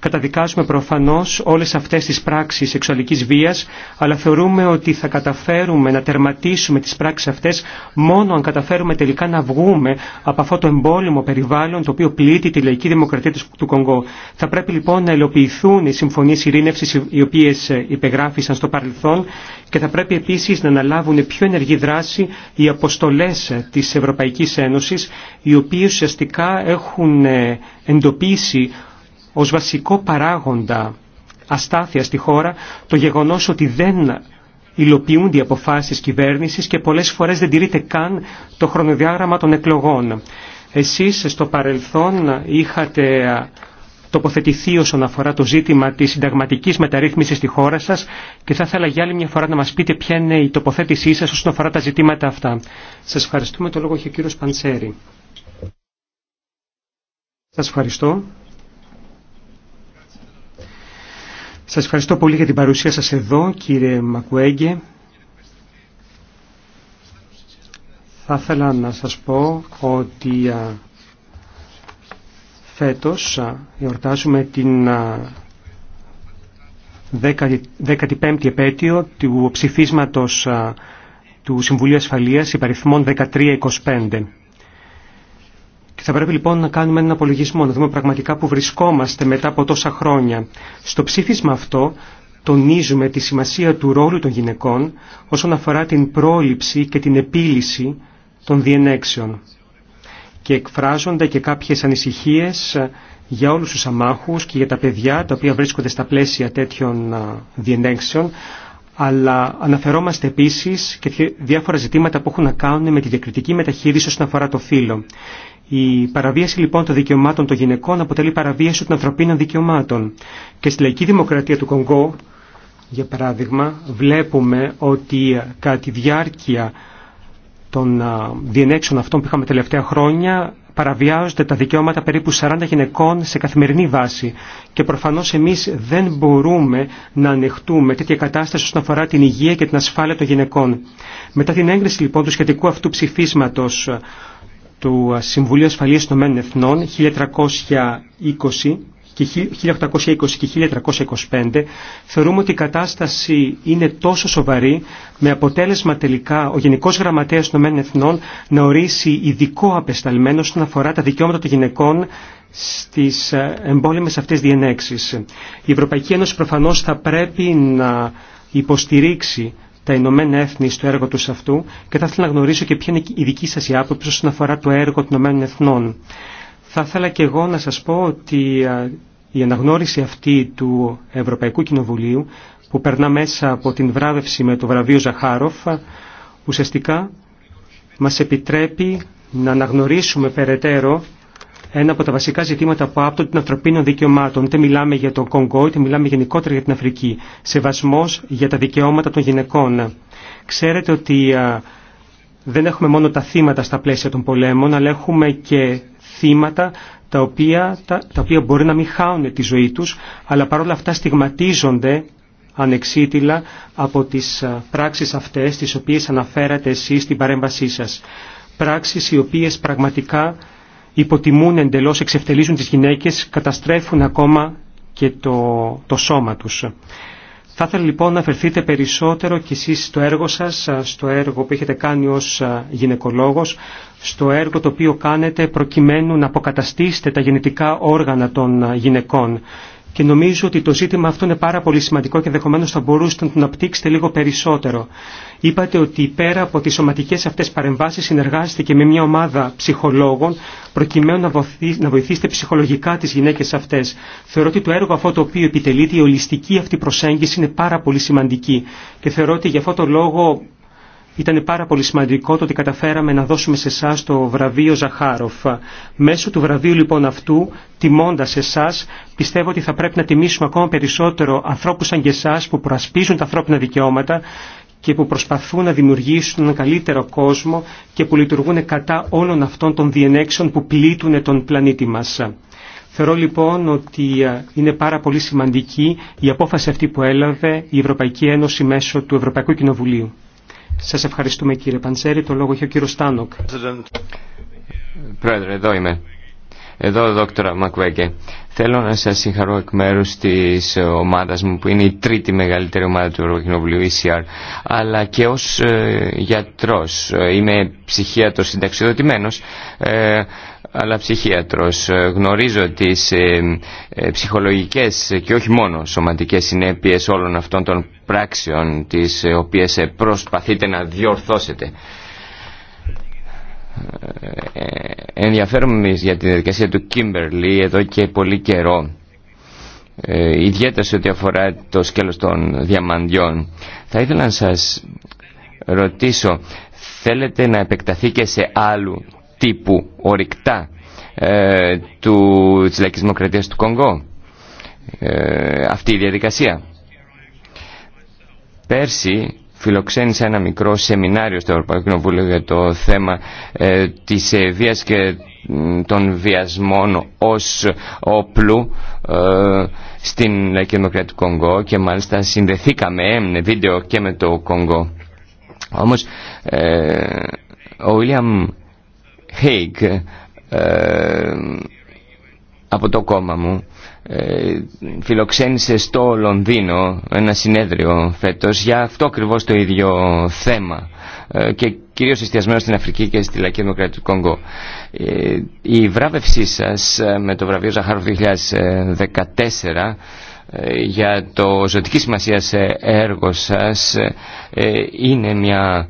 Καταδικάζουμε προφανώς όλες αυτές τις πράξεις σεξουαλικής βίας, αλλά θεωρούμε ότι θα καταφέρουμε να τερματίσουμε τις πράξεις αυτές μόνο αν καταφέρουμε τελικά να βγούμε από αυτό το εμπόλεμο περιβάλλον το οποίο πλήττει τη λαϊκή δημοκρατία του Κονγκό. Θα πρέπει λοιπόν να ελοποιηθούν οι συμφωνίες ειρήνευσης οι οποίες ε, υπεγράφησαν στο παρελθόν και θα πρέπει επίσης να αναλάβουν πιο ενεργή δράση οι αποστολές ε, της Ευρωπαϊκής Ένωσης οι οποίε ουσιαστικά έχουν ε, εντοπίσει ως βασικό παράγοντα αστάθεια στη χώρα το γεγονός ότι δεν υλοποιούνται οι αποφάσεις κυβέρνησης και πολλές φορές δεν τηρείται καν το χρονοδιάγραμμα των εκλογών. Εσείς στο παρελθόν είχατε τοποθετηθεί όσον αφορά το ζήτημα της συνταγματικής μεταρρύθμισης στη χώρα σας και θα ήθελα για άλλη μια φορά να μας πείτε ποια είναι η τοποθέτησή σας όσον αφορά τα ζητήματα αυτά. Σας ευχαριστούμε. Το λόγο έχει ο κύριος Παντσέρη. Σας ευχαριστώ. Σας ευχαριστώ πολύ για την παρουσία σας εδώ, κύριε Μακουέγγε. Θα ήθελα να σας πω ότι φέτος εορτάζουμε την 15η επέτειο του ψηφίσματος του Συμβουλίου Ασφαλείας υπαριθμών 1325. Και θα πρέπει λοιπόν να κάνουμε έναν απολογισμό, να δούμε πραγματικά που βρισκόμαστε μετά από τόσα χρόνια. Στο ψήφισμα αυτό τονίζουμε τη σημασία του ρόλου των γυναικών όσον αφορά την πρόληψη και την επίλυση των διενέξεων. Και εκφράζονται και κάποιες ανησυχίες ε, για όλους τους αμάχους και για τα παιδιά τα οποία βρίσκονται στα πλαίσια τέτοιων ε, διενέξεων, αλλά αναφερόμαστε επίσης και διάφορα ζητήματα που έχουν να κάνουν με τη διακριτική μεταχείριση όσον αφορά το φύλλο. Η παραβίαση λοιπόν των δικαιωμάτων των γυναικών αποτελεί παραβίαση των ανθρωπίνων δικαιωμάτων. Και στη λαϊκή δημοκρατία του Κονγκό, για παράδειγμα, βλέπουμε ότι ε, κατά τη διάρκεια των ε, διενέξεων αυτών που είχαμε τελευταία χρόνια παραβιάζονται τα δικαιώματα περίπου 40 γυναικών σε καθημερινή βάση και προφανώς εμείς δεν μπορούμε να ανεχτούμε τέτοια κατάσταση όσον αφορά την υγεία και την ασφάλεια των γυναικών. Μετά την έγκριση λοιπόν του σχετικού αυτού ψηφίσματος του Συμβουλίου Ασφαλείας των Εθνών 1320 και 1820 και 1325 θεωρούμε ότι η κατάσταση είναι τόσο σοβαρή με αποτέλεσμα τελικά ο Γενικός Γραμματέας των Εθνών να ορίσει ειδικό απεσταλμένο στον αφορά τα δικαιώματα των γυναικών στις εμπόλεμες αυτές διενέξεις. Η Ευρωπαϊκή Ένωση προφανώς θα πρέπει να υποστηρίξει τα Ηνωμένα Έθνη στο έργο του αυτού και θα ήθελα να γνωρίσω και ποια είναι η δική σας η άποψη όσον αφορά το έργο των Ηνωμένων Εθνών. Θα ήθελα και εγώ να σας πω ότι η αναγνώριση αυτή του Ευρωπαϊκού Κοινοβουλίου που περνά μέσα από την βράβευση με το βραβείο Ζαχάροφ ουσιαστικά μας επιτρέπει να αναγνωρίσουμε περαιτέρω ένα από τα βασικά ζητήματα που άπτονται των ανθρωπίνων δικαιωμάτων. Είτε μιλάμε για τον Κονγκό, είτε μιλάμε γενικότερα για την Αφρική. Σεβασμός για τα δικαιώματα των γυναικών. Ξέρετε ότι δεν έχουμε μόνο τα θύματα στα πλαίσια των πολέμων, αλλά έχουμε και θύματα τα οποία, τα, τα οποία μπορεί να μην χάουν τη ζωή τους, αλλά παρόλα αυτά στιγματίζονται ανεξίτηλα από τις πράξεις αυτές τις οποίες αναφέρατε εσείς στην παρέμβασή σας. Πράξεις οι οποίες πραγματικά υποτιμούν εντελώς, εξευτελίζουν τις γυναίκες, καταστρέφουν ακόμα και το, το σώμα τους. Θα ήθελα λοιπόν να αφαιρθείτε περισσότερο κι εσείς στο έργο σας, στο έργο που έχετε κάνει ως γυναικολόγος, στο έργο το οποίο κάνετε προκειμένου να αποκαταστήσετε τα γενετικά όργανα των γυναικών και νομίζω ότι το ζήτημα αυτό είναι πάρα πολύ σημαντικό και ενδεχομένω θα μπορούσατε να τον απτύξετε λίγο περισσότερο. Είπατε ότι πέρα από τι σωματικέ αυτέ παρεμβάσει συνεργάζεστε και με μια ομάδα ψυχολόγων προκειμένου να βοηθήσετε ψυχολογικά τι γυναίκε αυτέ. Θεωρώ ότι το έργο αυτό το οποίο επιτελείται, η ολιστική αυτή προσέγγιση είναι πάρα πολύ σημαντική και θεωρώ ότι για αυτό το λόγο ήταν πάρα πολύ σημαντικό το ότι καταφέραμε να δώσουμε σε εσά το βραβείο Ζαχάροφ. Μέσω του βραβείου λοιπόν αυτού, τιμώντα εσά, πιστεύω ότι θα πρέπει να τιμήσουμε ακόμα περισσότερο ανθρώπου σαν και εσά που προασπίζουν τα ανθρώπινα δικαιώματα και που προσπαθούν να δημιουργήσουν έναν καλύτερο κόσμο και που λειτουργούν κατά όλων αυτών των διενέξεων που πλήττουν τον πλανήτη μας. Θεωρώ λοιπόν ότι ε, είναι πάρα πολύ σημαντική η απόφαση αυτή που έλαβε η Ευρωπαϊκή Ένωση μέσω του Ευρωπαϊκού Κοινοβουλίου. Σας ευχαριστούμε κύριε Παντσέρη. Το λόγο έχει ο κύριο Στάνοκ. Πρόεδρε, εδώ είμαι. Εδώ, δόκτωρα Μακουέγκε. Θέλω να σας συγχαρώ εκ μέρου της ομάδας μου που είναι η τρίτη μεγαλύτερη ομάδα του Ευρωκοινοβουλίου ECR αλλά και ως ε, γιατρός. Είμαι ψυχίατρος συνταξιδοτημένος ε, αλλά ψυχίατρος. Γνωρίζω τις ε, ε, ψυχολογικές και όχι μόνο σωματικές συνέπειες όλων αυτών των πράξεων τις ε, οποίες ε, προσπαθείτε να διορθώσετε. Ε, ενδιαφέρομαι για τη διαδικασία του Κίμπερλι εδώ και πολύ καιρό. Ε, ιδιαίτερα σε ό,τι αφορά το σκέλος των διαμαντιών. Θα ήθελα να σας ρωτήσω, θέλετε να επεκταθεί και σε άλλου τύπου ορυκτά του, της του Κονγκό αυτή η διαδικασία. Πέρσι φιλοξένησα ένα μικρό σεμινάριο στο Ευρωπαϊκό Κοινοβούλιο για το θέμα ε, της ε, και των βιασμών ως όπλου ε, στην Λαϊκή ε, Δημοκρατία του Κονγκό και μάλιστα συνδεθήκαμε με βίντεο και με το Κονγκό. Όμως ε, ο Βίλιαμ Χέικ από το κόμμα μου ε, φιλοξένησε στο Λονδίνο ένα συνέδριο φέτος για αυτό ακριβώ το ίδιο θέμα ε, και κυρίως εστιασμένο στην Αφρική και στη Λαϊκή Δημοκρατία του Κόγκο. Ε, η βράβευσή σας με το βραβείο Ζαχάρου 2014 για το ζωτική σημασία σε έργο σας είναι μια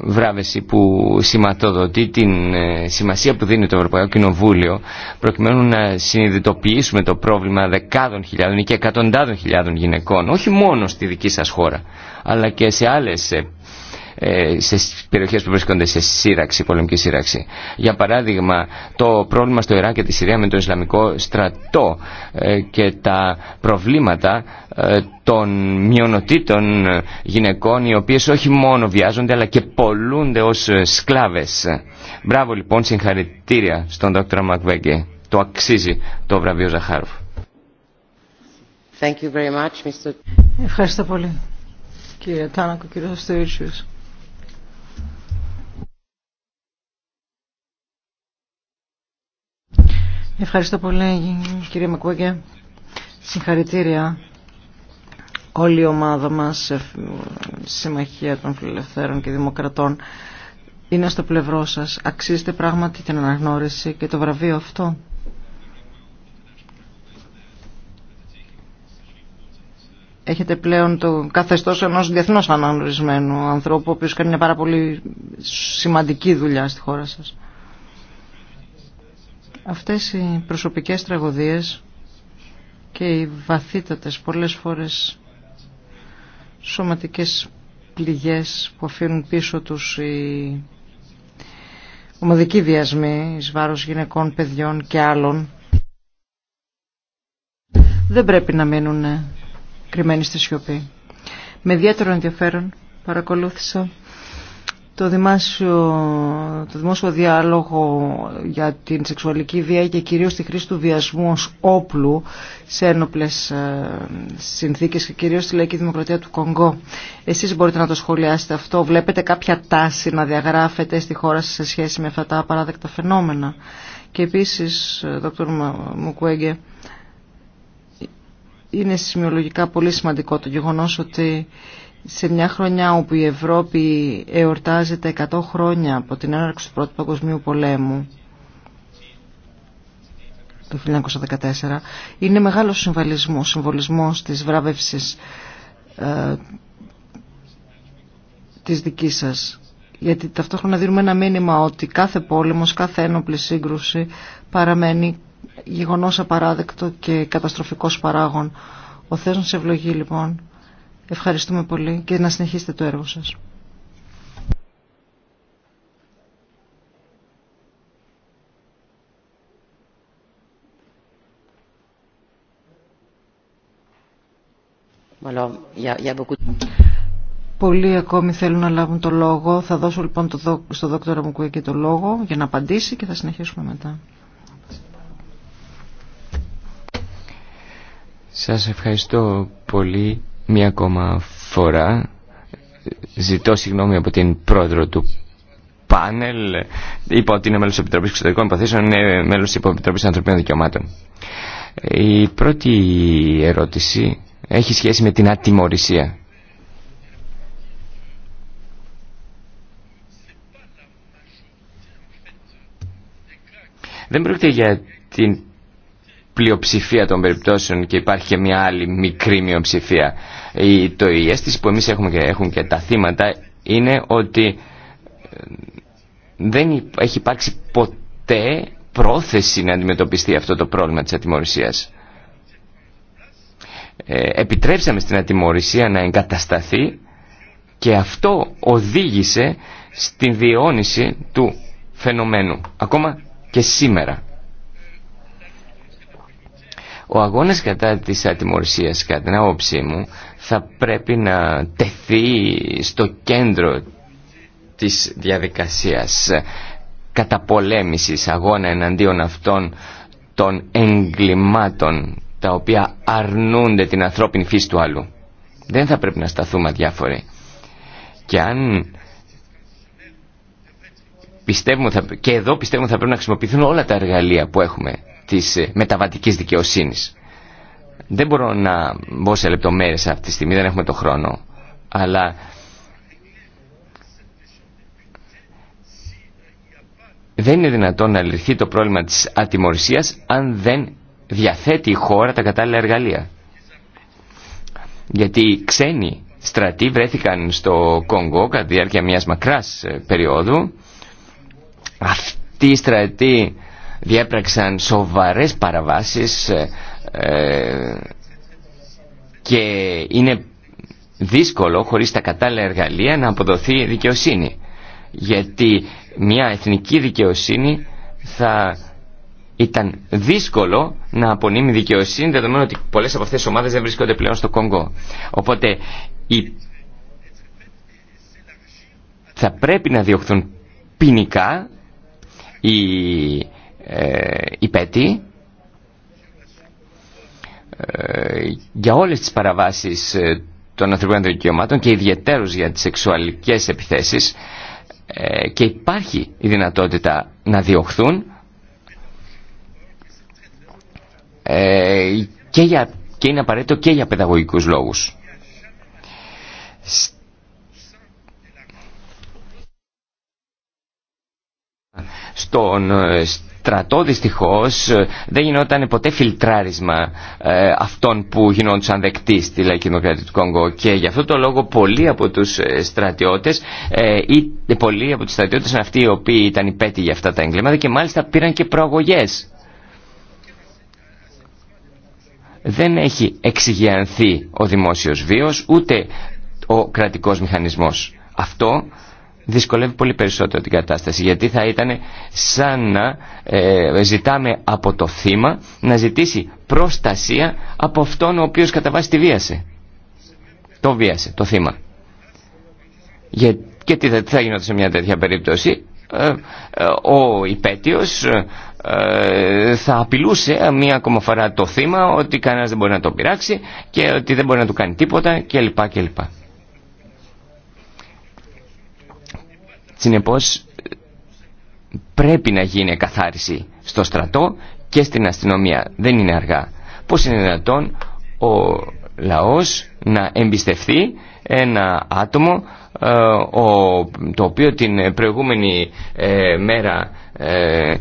βράβεση που σηματοδοτεί την ε, σημασία που δίνει το Ευρωπαϊκό Κοινοβούλιο προκειμένου να συνειδητοποιήσουμε το πρόβλημα δεκάδων χιλιάδων ή και εκατοντάδων χιλιάδων γυναικών όχι μόνο στη δική σας χώρα αλλά και σε άλλες ε, σε περιοχές που βρίσκονται σε σύραξη, πολεμική σύραξη. Για παράδειγμα, το πρόβλημα στο Ιράκ και τη Συρία με τον Ισλαμικό στρατό ε, και τα προβλήματα ε, των μειονοτήτων γυναικών οι οποίες όχι μόνο βιάζονται αλλά και πολλούνται ως σκλάβες. Μπράβο λοιπόν, συγχαρητήρια στον Δόκτωρα Μακβέγκε. Το αξίζει το βραβείο Ζαχάροφ. Ευχαριστώ πολύ. Κύριε Τάνακο, κύριε Ευχαριστώ πολύ κύριε Μεκούγκε. Συγχαρητήρια όλη η ομάδα μας, ε, Συμμαχία των Φιλελευθέρων και Δημοκρατών, είναι στο πλευρό σας. Αξίζετε πράγματι την αναγνώριση και το βραβείο αυτό. Έχετε πλέον το καθεστώς ενός διεθνώς αναγνωρισμένου ανθρώπου, ο οποίος κάνει μια πάρα πολύ σημαντική δουλειά στη χώρα σας. Αυτές οι προσωπικές τραγωδίες και οι βαθύτατες πολλές φορές σωματικές πληγές που αφήνουν πίσω τους οι ομαδικοί βιασμοί εις βάρος γυναικών, παιδιών και άλλων δεν πρέπει να μείνουν κρυμμένοι στη σιωπή. Με ιδιαίτερο ενδιαφέρον παρακολούθησα το δημόσιο, το δημόσιο διάλογο για την σεξουαλική βία και κυρίως τη χρήση του βιασμού ως όπλου σε ένοπλες ε, συνθήκες και κυρίως στη λαϊκή δημοκρατία του Κονγκό. Εσείς μπορείτε να το σχολιάσετε αυτό. Βλέπετε κάποια τάση να διαγράφεται στη χώρα σας σε σχέση με αυτά τα απαράδεκτα φαινόμενα. Και επίσης, ε, δ. Μουκουέγγε, είναι σημειολογικά πολύ σημαντικό το γεγονός ότι σε μια χρονιά όπου η Ευρώπη εορτάζεται 100 χρόνια από την έναρξη του Πρώτου Παγκοσμίου Πολέμου το 1914 είναι μεγάλος συμβολισμό συμβολισμός της βράβευσης ε, της δικής σας γιατί ταυτόχρονα δίνουμε ένα μήνυμα ότι κάθε πόλεμος, κάθε ένοπλη σύγκρουση παραμένει γεγονός απαράδεκτο και καταστροφικός παράγων. Ο Θεός ευλογεί λοιπόν Ευχαριστούμε πολύ και να συνεχίσετε το έργο σας. Πολλοί ακόμη θέλουν να λάβουν το λόγο. Θα δώσω λοιπόν το, στο δόκτωρα μου το λόγο για να απαντήσει και θα συνεχίσουμε μετά. Σας ευχαριστώ πολύ Μία ακόμα φορά ζητώ συγγνώμη από την πρόεδρο του πάνελ. Είπα ότι είναι μέλος της Επιτροπής Εξωτερικών παθήσεων είναι μέλος της Επιτροπής Ανθρωπίνων Δικαιωμάτων. Η πρώτη ερώτηση έχει σχέση με την ατιμορρησία. Δεν πρόκειται για την πλειοψηφία των περιπτώσεων και υπάρχει και μια άλλη μικρή μειοψηφία. Η, το, η αίσθηση που εμείς έχουμε και, έχουν και τα θύματα είναι ότι ε, δεν έχει υπάρξει ποτέ πρόθεση να αντιμετωπιστεί αυτό το πρόβλημα της ατιμορρησίας. Ε, επιτρέψαμε στην ατιμορρυσία να εγκατασταθεί και αυτό οδήγησε στην διαιώνιση του φαινομένου, ακόμα και σήμερα. Ο αγώνας κατά της ατιμορρησίας, κατά την άποψή μου, θα πρέπει να τεθεί στο κέντρο της διαδικασίας καταπολέμησης αγώνα εναντίον αυτών των εγκλημάτων τα οποία αρνούνται την ανθρώπινη φύση του άλλου. Δεν θα πρέπει να σταθούμε αδιάφοροι. Και αν πιστεύουμε, και εδώ πιστεύουμε θα πρέπει να χρησιμοποιηθούν όλα τα εργαλεία που έχουμε της ε, μεταβατικής δικαιοσύνης. Δεν μπορώ να μπω σε λεπτομέρειες αυτή τη στιγμή, δεν έχουμε το χρόνο, αλλά δεν είναι δυνατόν να λυθεί το πρόβλημα της ατιμορρησίας αν δεν διαθέτει η χώρα τα κατάλληλα εργαλεία. Γιατί οι ξένοι στρατοί βρέθηκαν στο Κονγκό κατά τη διάρκεια μιας μακράς ε, περίοδου. Αυτοί οι στρατοί διέπραξαν σοβαρές παραβάσεις ε, και είναι δύσκολο χωρίς τα κατάλληλα εργαλεία να αποδοθεί δικαιοσύνη. Γιατί μια εθνική δικαιοσύνη θα ήταν δύσκολο να απονείμει δικαιοσύνη δεδομένου ότι πολλές από αυτές τις ομάδες δεν βρίσκονται πλέον στο Κονγκό. Οπότε θα πρέπει να διωχθούν ποινικά οι ε, υπέτη ε, για όλες τις παραβάσεις ε, των ανθρωπίνων δικαιωμάτων και ιδιαίτερως για τις σεξουαλικές επιθέσεις ε, και υπάρχει η δυνατότητα να διωχθούν ε, και, για, και είναι απαραίτητο και για παιδαγωγικούς λόγους. Στον, στρατό δυστυχώς ε, δεν γινόταν ποτέ φιλτράρισμα ε, αυτών που γινόντουσαν δεκτοί στη Λαϊκή Δημοκρατία του Κόγκο και γι' αυτό το λόγο πολλοί από τους ε, στρατιώτες ή πολλοί από τους στρατιώτες είναι αυτοί οι οποίοι ήταν υπέτοι για αυτά τα εγκλήματα και μάλιστα πήραν και προαγωγές. Δεν έχει εξηγιανθεί ο δημόσιος βίος ούτε ο κρατικός μηχανισμός. Αυτό δυσκολεύει πολύ περισσότερο την κατάσταση γιατί θα ήταν σαν να ε, ζητάμε από το θύμα να ζητήσει προστασία από αυτόν ο οποίος κατά βάση τη βίασε το βίασε, το θύμα Για, και τι θα, γινόταν σε μια τέτοια περίπτωση ε, ε, ο υπέτειος ε, θα απειλούσε μία ακόμα φορά το θύμα ότι κανένας δεν μπορεί να το πειράξει και ότι δεν μπορεί να του κάνει τίποτα κλπ. Συνεπώς πρέπει να γίνει καθάριση στο στρατό και στην αστυνομία. Δεν είναι αργά. Πώς είναι δυνατόν ο λαός να εμπιστευτεί ένα άτομο ε, το οποίο την προηγούμενη ε, μέρα ε,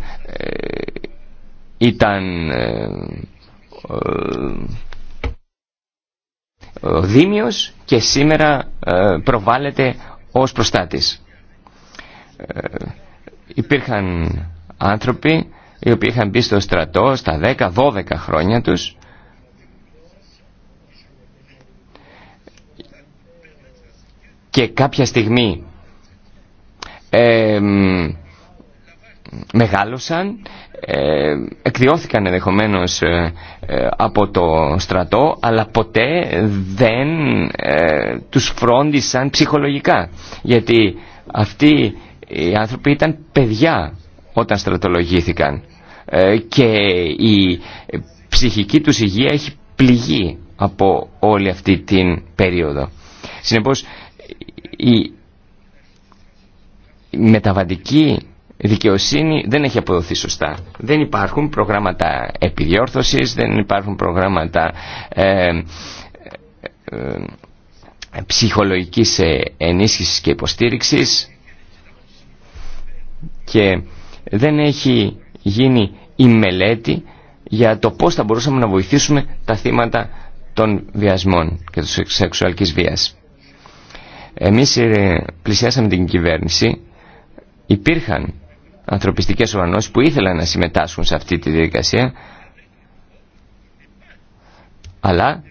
ήταν ο και σήμερα προβάλλεται ως προστάτης. Ε, υπήρχαν άνθρωποι οι οποίοι είχαν μπει στο στρατό στα 10-12 χρόνια τους και κάποια στιγμή ε, μεγάλωσαν, ε, εκδιώθηκαν ενδεχομένω ε, από το στρατό, αλλά ποτέ δεν ε, τους φρόντισαν ψυχολογικά. Γιατί αυτοί οι άνθρωποι ήταν παιδιά όταν στρατολογήθηκαν ε, και η ψυχική τους υγεία έχει πληγεί από όλη αυτή την περίοδο. Συνεπώς η μεταβατική δικαιοσύνη δεν έχει αποδοθεί σωστά. Δεν υπάρχουν προγράμματα επιδιόρθωσης, δεν υπάρχουν προγράμματα ε, ε, ε ψυχολογικής ενίσχυσης και υποστήριξης και δεν έχει γίνει η μελέτη για το πώς θα μπορούσαμε να βοηθήσουμε τα θύματα των βιασμών και της σεξουαλικής βίας. Εμείς ε, πλησιάσαμε την κυβέρνηση, υπήρχαν ανθρωπιστικές οργανώσεις που ήθελαν να συμμετάσχουν σε αυτή τη διαδικασία, αλλά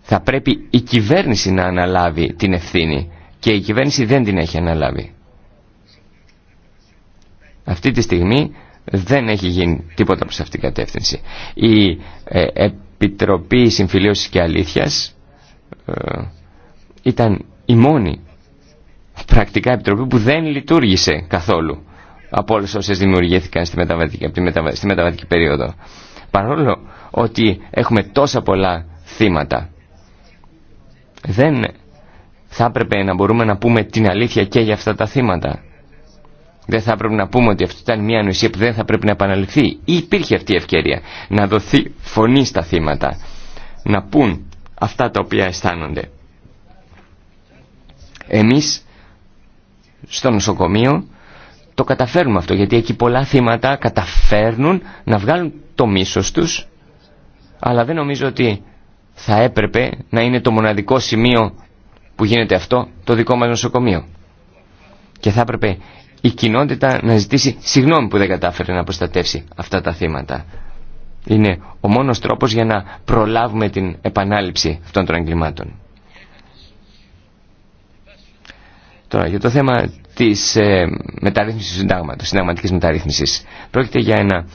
θα πρέπει η κυβέρνηση να αναλάβει την ευθύνη και η κυβέρνηση δεν την έχει αναλάβει. Αυτή τη στιγμή δεν έχει γίνει τίποτα προς αυτήν την κατεύθυνση. Η ε, Επιτροπή Συμφιλίωσης και Αλήθειας ε, ήταν η μόνη πρακτικά επιτροπή που δεν λειτουργήσε καθόλου από όλες όσες δημιουργήθηκαν στη μεταβατική, στη μεταβατική περίοδο. Παρόλο ότι έχουμε τόσα πολλά θύματα, δεν θα έπρεπε να μπορούμε να πούμε την αλήθεια και για αυτά τα θύματα. Δεν θα πρέπει να πούμε ότι αυτό ήταν μια ανοησία που δεν θα πρέπει να επαναληφθεί. Υπήρχε αυτή η ευκαιρία να δοθεί φωνή στα θύματα, να πούν αυτά τα οποία αισθάνονται. Εμείς στο νοσοκομείο το καταφέρνουμε αυτό, γιατί εκεί πολλά θύματα καταφέρνουν να βγάλουν το μίσος τους, αλλά δεν νομίζω ότι θα έπρεπε να είναι το μοναδικό σημείο που γίνεται αυτό το δικό μας νοσοκομείο. Και θα έπρεπε η κοινότητα να ζητήσει συγγνώμη που δεν κατάφερε να προστατεύσει αυτά τα θύματα. Είναι ο μόνος τρόπος για να προλάβουμε την επανάληψη αυτών των εγκλημάτων. Τώρα, για το θέμα της ε, μεταρρύθμισης του συντάγματος, συνταγματικής μεταρρύθμισης. Πρόκειται για ένα,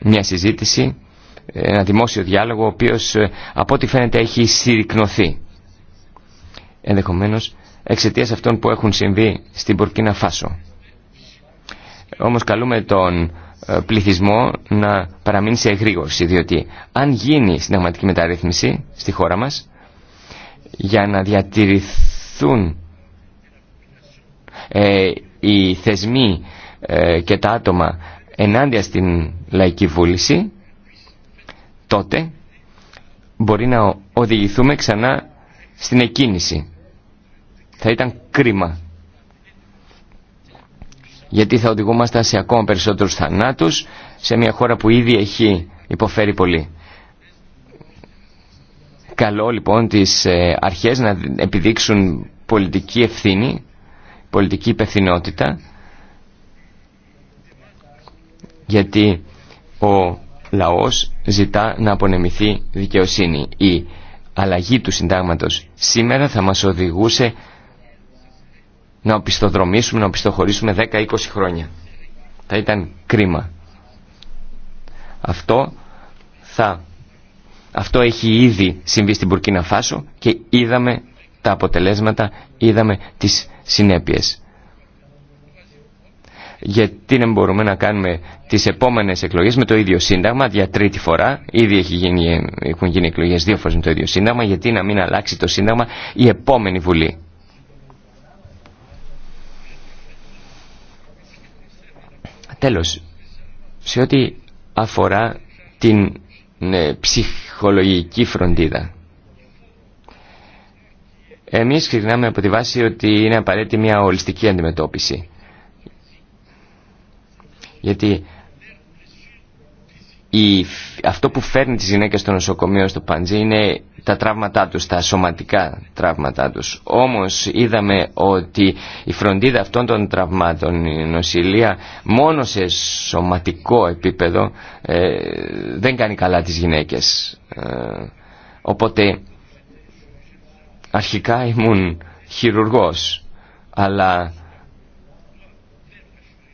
μια συζήτηση, ένα δημόσιο διάλογο, ο οποίος ε, από ό,τι φαίνεται έχει συρρυκνωθεί. Ενδεχομένως εξαιτίας αυτών που έχουν συμβεί στην Πορκίνα Φάσο. Όμως καλούμε τον ε, πληθυσμό να παραμείνει σε εγρήγορση, διότι αν γίνει συνταγματική μεταρρύθμιση στη χώρα μας, για να διατηρηθούν ε, οι θεσμοί ε, και τα άτομα ενάντια στην λαϊκή βούληση, τότε μπορεί να οδηγηθούμε ξανά στην εκκίνηση. Θα ήταν κρίμα γιατί θα οδηγούμαστε σε ακόμα περισσότερους θανάτους σε μια χώρα που ήδη έχει υποφέρει πολύ. Καλό λοιπόν τις ε, αρχές να επιδείξουν πολιτική ευθύνη, πολιτική υπευθυνότητα, γιατί ο λαός ζητά να απονεμηθεί δικαιοσύνη. Η αλλαγή του συντάγματος σήμερα θα μας οδηγούσε να οπισθοδρομήσουμε, να οπισθοχωρήσουμε 10-20 χρόνια. Θα ήταν κρίμα. Αυτό, θα, αυτό έχει ήδη συμβεί στην Πουρκίνα Φάσο και είδαμε τα αποτελέσματα, είδαμε τις συνέπειες. Γιατί δεν μπορούμε να κάνουμε τις επόμενες εκλογές με το ίδιο σύνταγμα για τρίτη φορά. Ήδη έχει γίνει, έχουν γίνει εκλογές δύο φορές με το ίδιο σύνταγμα. Γιατί να μην αλλάξει το σύνταγμα η επόμενη Βουλή. Τέλος, σε ό,τι αφορά την ναι, ψυχολογική φροντίδα. Εμείς ξεκινάμε από τη βάση ότι είναι απαραίτητη μια ολιστική αντιμετώπιση. Γιατί αυτό που φέρνει τις γυναίκες στο νοσοκομείο στο Παντζή είναι τα τραύματά τους, τα σωματικά τραύματά τους. Όμως είδαμε ότι η φροντίδα αυτών των τραυμάτων, η νοσηλεία, μόνο σε σωματικό επίπεδο ε, δεν κάνει καλά τις γυναίκες. Ε, οπότε αρχικά ήμουν χειρουργός, αλλά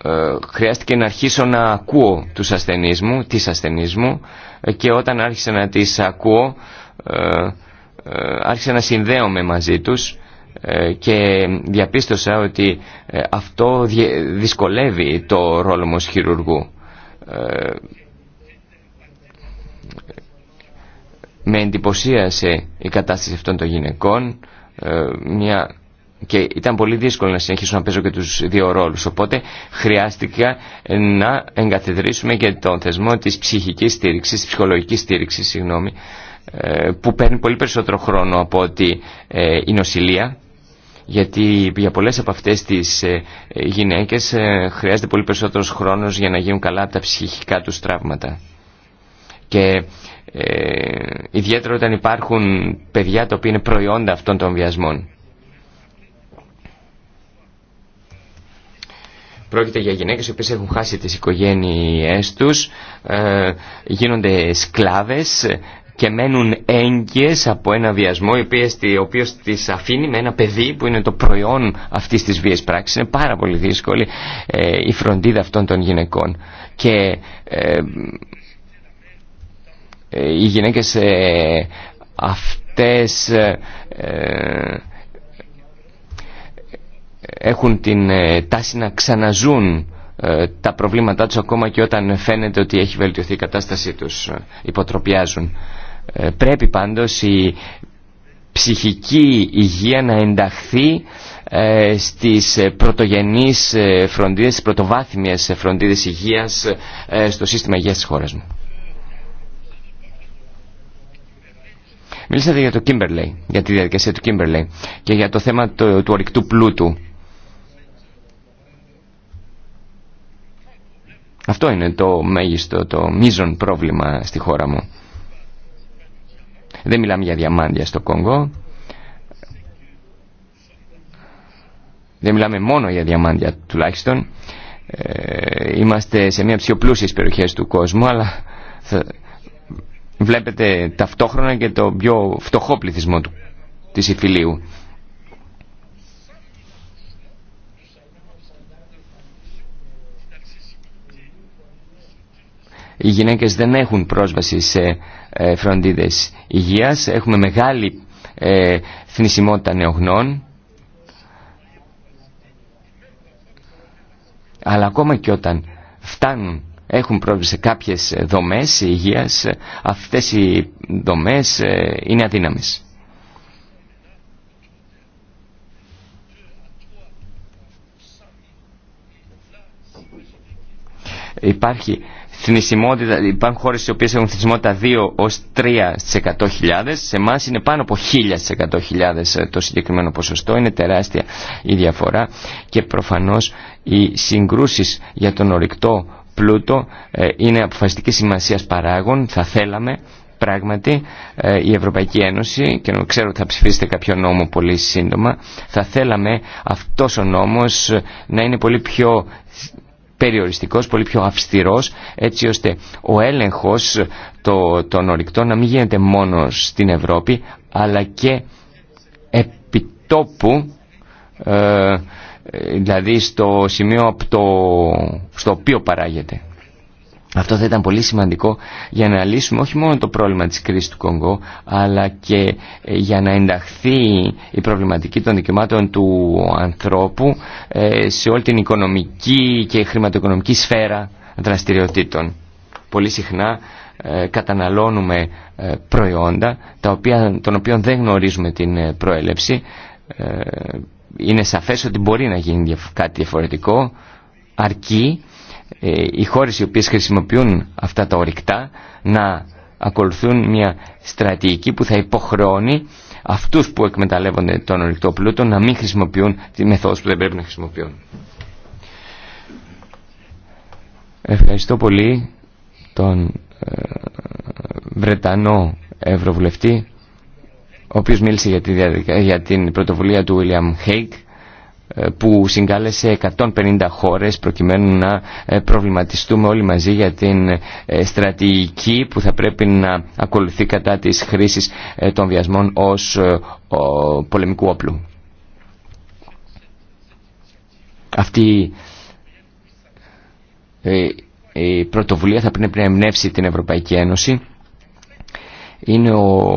ε, χρειάστηκε να αρχίσω να ακούω τους ασθενείς μου, τις ασθενείς μου και όταν άρχισα να τις ακούω ε, ε, άρχισα να συνδέομαι μαζί τους ε, και διαπίστωσα ότι αυτό δυσκολεύει το ρόλο μου ως χειρουργού. Με εντυπωσίασε η κατάσταση αυτών των γυναικών μια... και ήταν πολύ δύσκολο να συνεχίσω να παίζω και τους δύο ρόλους. Οπότε χρειάστηκα να εγκαθιδρύσουμε και τον θεσμό της ψυχικής στήριξης, της ψυχολογικής στήριξης, συγγνώμη, ε, που παίρνει πολύ περισσότερο χρόνο από ότι ε, η νοσηλεία γιατί για πολλές από αυτές τις ε, γυναίκες χρειάζεται πολύ περισσότερος χρόνος για να γίνουν καλά τα ψυχικά τους τραύματα. Και ε, ιδιαίτερα όταν υπάρχουν παιδιά τα οποία είναι προϊόντα αυτών των βιασμών. Πρόκειται για γυναίκες οι οποίες έχουν χάσει τις οικογένειές τους, γίνονται σκλάβες, και μένουν έγκυες από ένα βιασμό ο οποίος τις αφήνει με ένα παιδί που είναι το προϊόν αυτής της βίας πράξης. Είναι πάρα πολύ δύσκολη ε, η φροντίδα αυτών των γυναικών. Και ε, ε, οι γυναίκες ε, αυτές έχουν την τάση να ξαναζούν τα προβλήματά τους ακόμα και όταν φαίνεται ότι έχει βελτιωθεί η κατάστασή τους. Υποτροπιάζουν. Ε, πρέπει πάντως η ψυχική υγεία να ενταχθεί ε, στις ε, πρωτογενείς φροντίδες, στις πρωτοβάθμιες φροντίδες υγείας στο σύστημα υγείας της χώρας μου. Μιλήσατε για το Κίμπερλεϊ, για τη διαδικασία του Κίμπερλεϊ και για το θέμα του, του πλούτου. Αυτό είναι το μέγιστο, το μείζον πρόβλημα στη χώρα μου. Δεν μιλάμε για διαμάντια στο Κόγκο. Δεν μιλάμε μόνο για διαμάντια τουλάχιστον. Ε, είμαστε σε μια από περιοχές του κόσμου, αλλά βλέπετε ταυτόχρονα και το πιο φτωχό πληθυσμό του, της Ιφιλίου. Οι γυναίκες δεν έχουν πρόσβαση σε ε, φροντίδες υγείας. Έχουμε μεγάλη ε, θνησιμότητα νεογνών. Αλλά ακόμα και όταν φτάνουν, έχουν πρόβλημα σε κάποιες δομές υγείας, αυτές οι δομές ε, είναι αδύναμες. Υπάρχει θνησιμότητα, υπάρχουν χώρες οι οποίες έχουν θνησιμότητα 2 ως 3 στις 100.000, σε εμά είναι πάνω από 1.000 στις 100.000 ε, το συγκεκριμένο ποσοστό, είναι τεράστια η διαφορά και προφανώς οι συγκρούσεις για τον ορυκτό πλούτο ε, είναι αποφασιστική σημασίας παράγων, θα θέλαμε πράγματι ε, η Ευρωπαϊκή Ένωση και ξέρω ότι θα ψηφίσετε κάποιο νόμο πολύ σύντομα θα θέλαμε αυτός ο νόμος να είναι πολύ πιο περιοριστικός, πολύ πιο αυστηρός, έτσι ώστε ο έλεγχος των ορυκτών να μην γίνεται μόνο στην Ευρώπη, αλλά και επιτόπου, ε, ε, δηλαδή στο σημείο από το, στο οποίο παράγεται. Αυτό θα ήταν πολύ σημαντικό για να λύσουμε όχι μόνο το πρόβλημα της κρίσης του Κονγκό, αλλά και ε, για να ενταχθεί η προβληματική των δικαιωμάτων του ανθρώπου ε, σε όλη την οικονομική και χρηματοοικονομική σφαίρα δραστηριοτήτων. Πολύ συχνά ε, καταναλώνουμε προϊόντα τα οποία, των οποίων δεν γνωρίζουμε την προέλευση. Είναι σαφές ότι μπορεί να γίνει κάτι διαφορετικό, αρκεί ε, οι χώρες οι οποίες χρησιμοποιούν αυτά τα ορυκτά να ακολουθούν μια στρατηγική που θα υποχρεώνει αυτούς που εκμεταλλεύονται τον ορυκτό πλούτο να μην χρησιμοποιούν τη μεθόδους που δεν πρέπει να χρησιμοποιούν. Ευχαριστώ πολύ τον ε, Βρετανό Ευρωβουλευτή ο οποίος μίλησε για, για την πρωτοβουλία του William Hague ε, που συγκάλεσε 150 χώρες προκειμένου να ε, προβληματιστούμε όλοι μαζί για την ε, στρατηγική που θα πρέπει να ακολουθεί κατά της χρήσης των βιασμών ως πολεμικού όπλου. Αυτή η πρωτοβουλία θα πρέπει να εμπνεύσει την Ευρωπαϊκή Ένωση είναι ο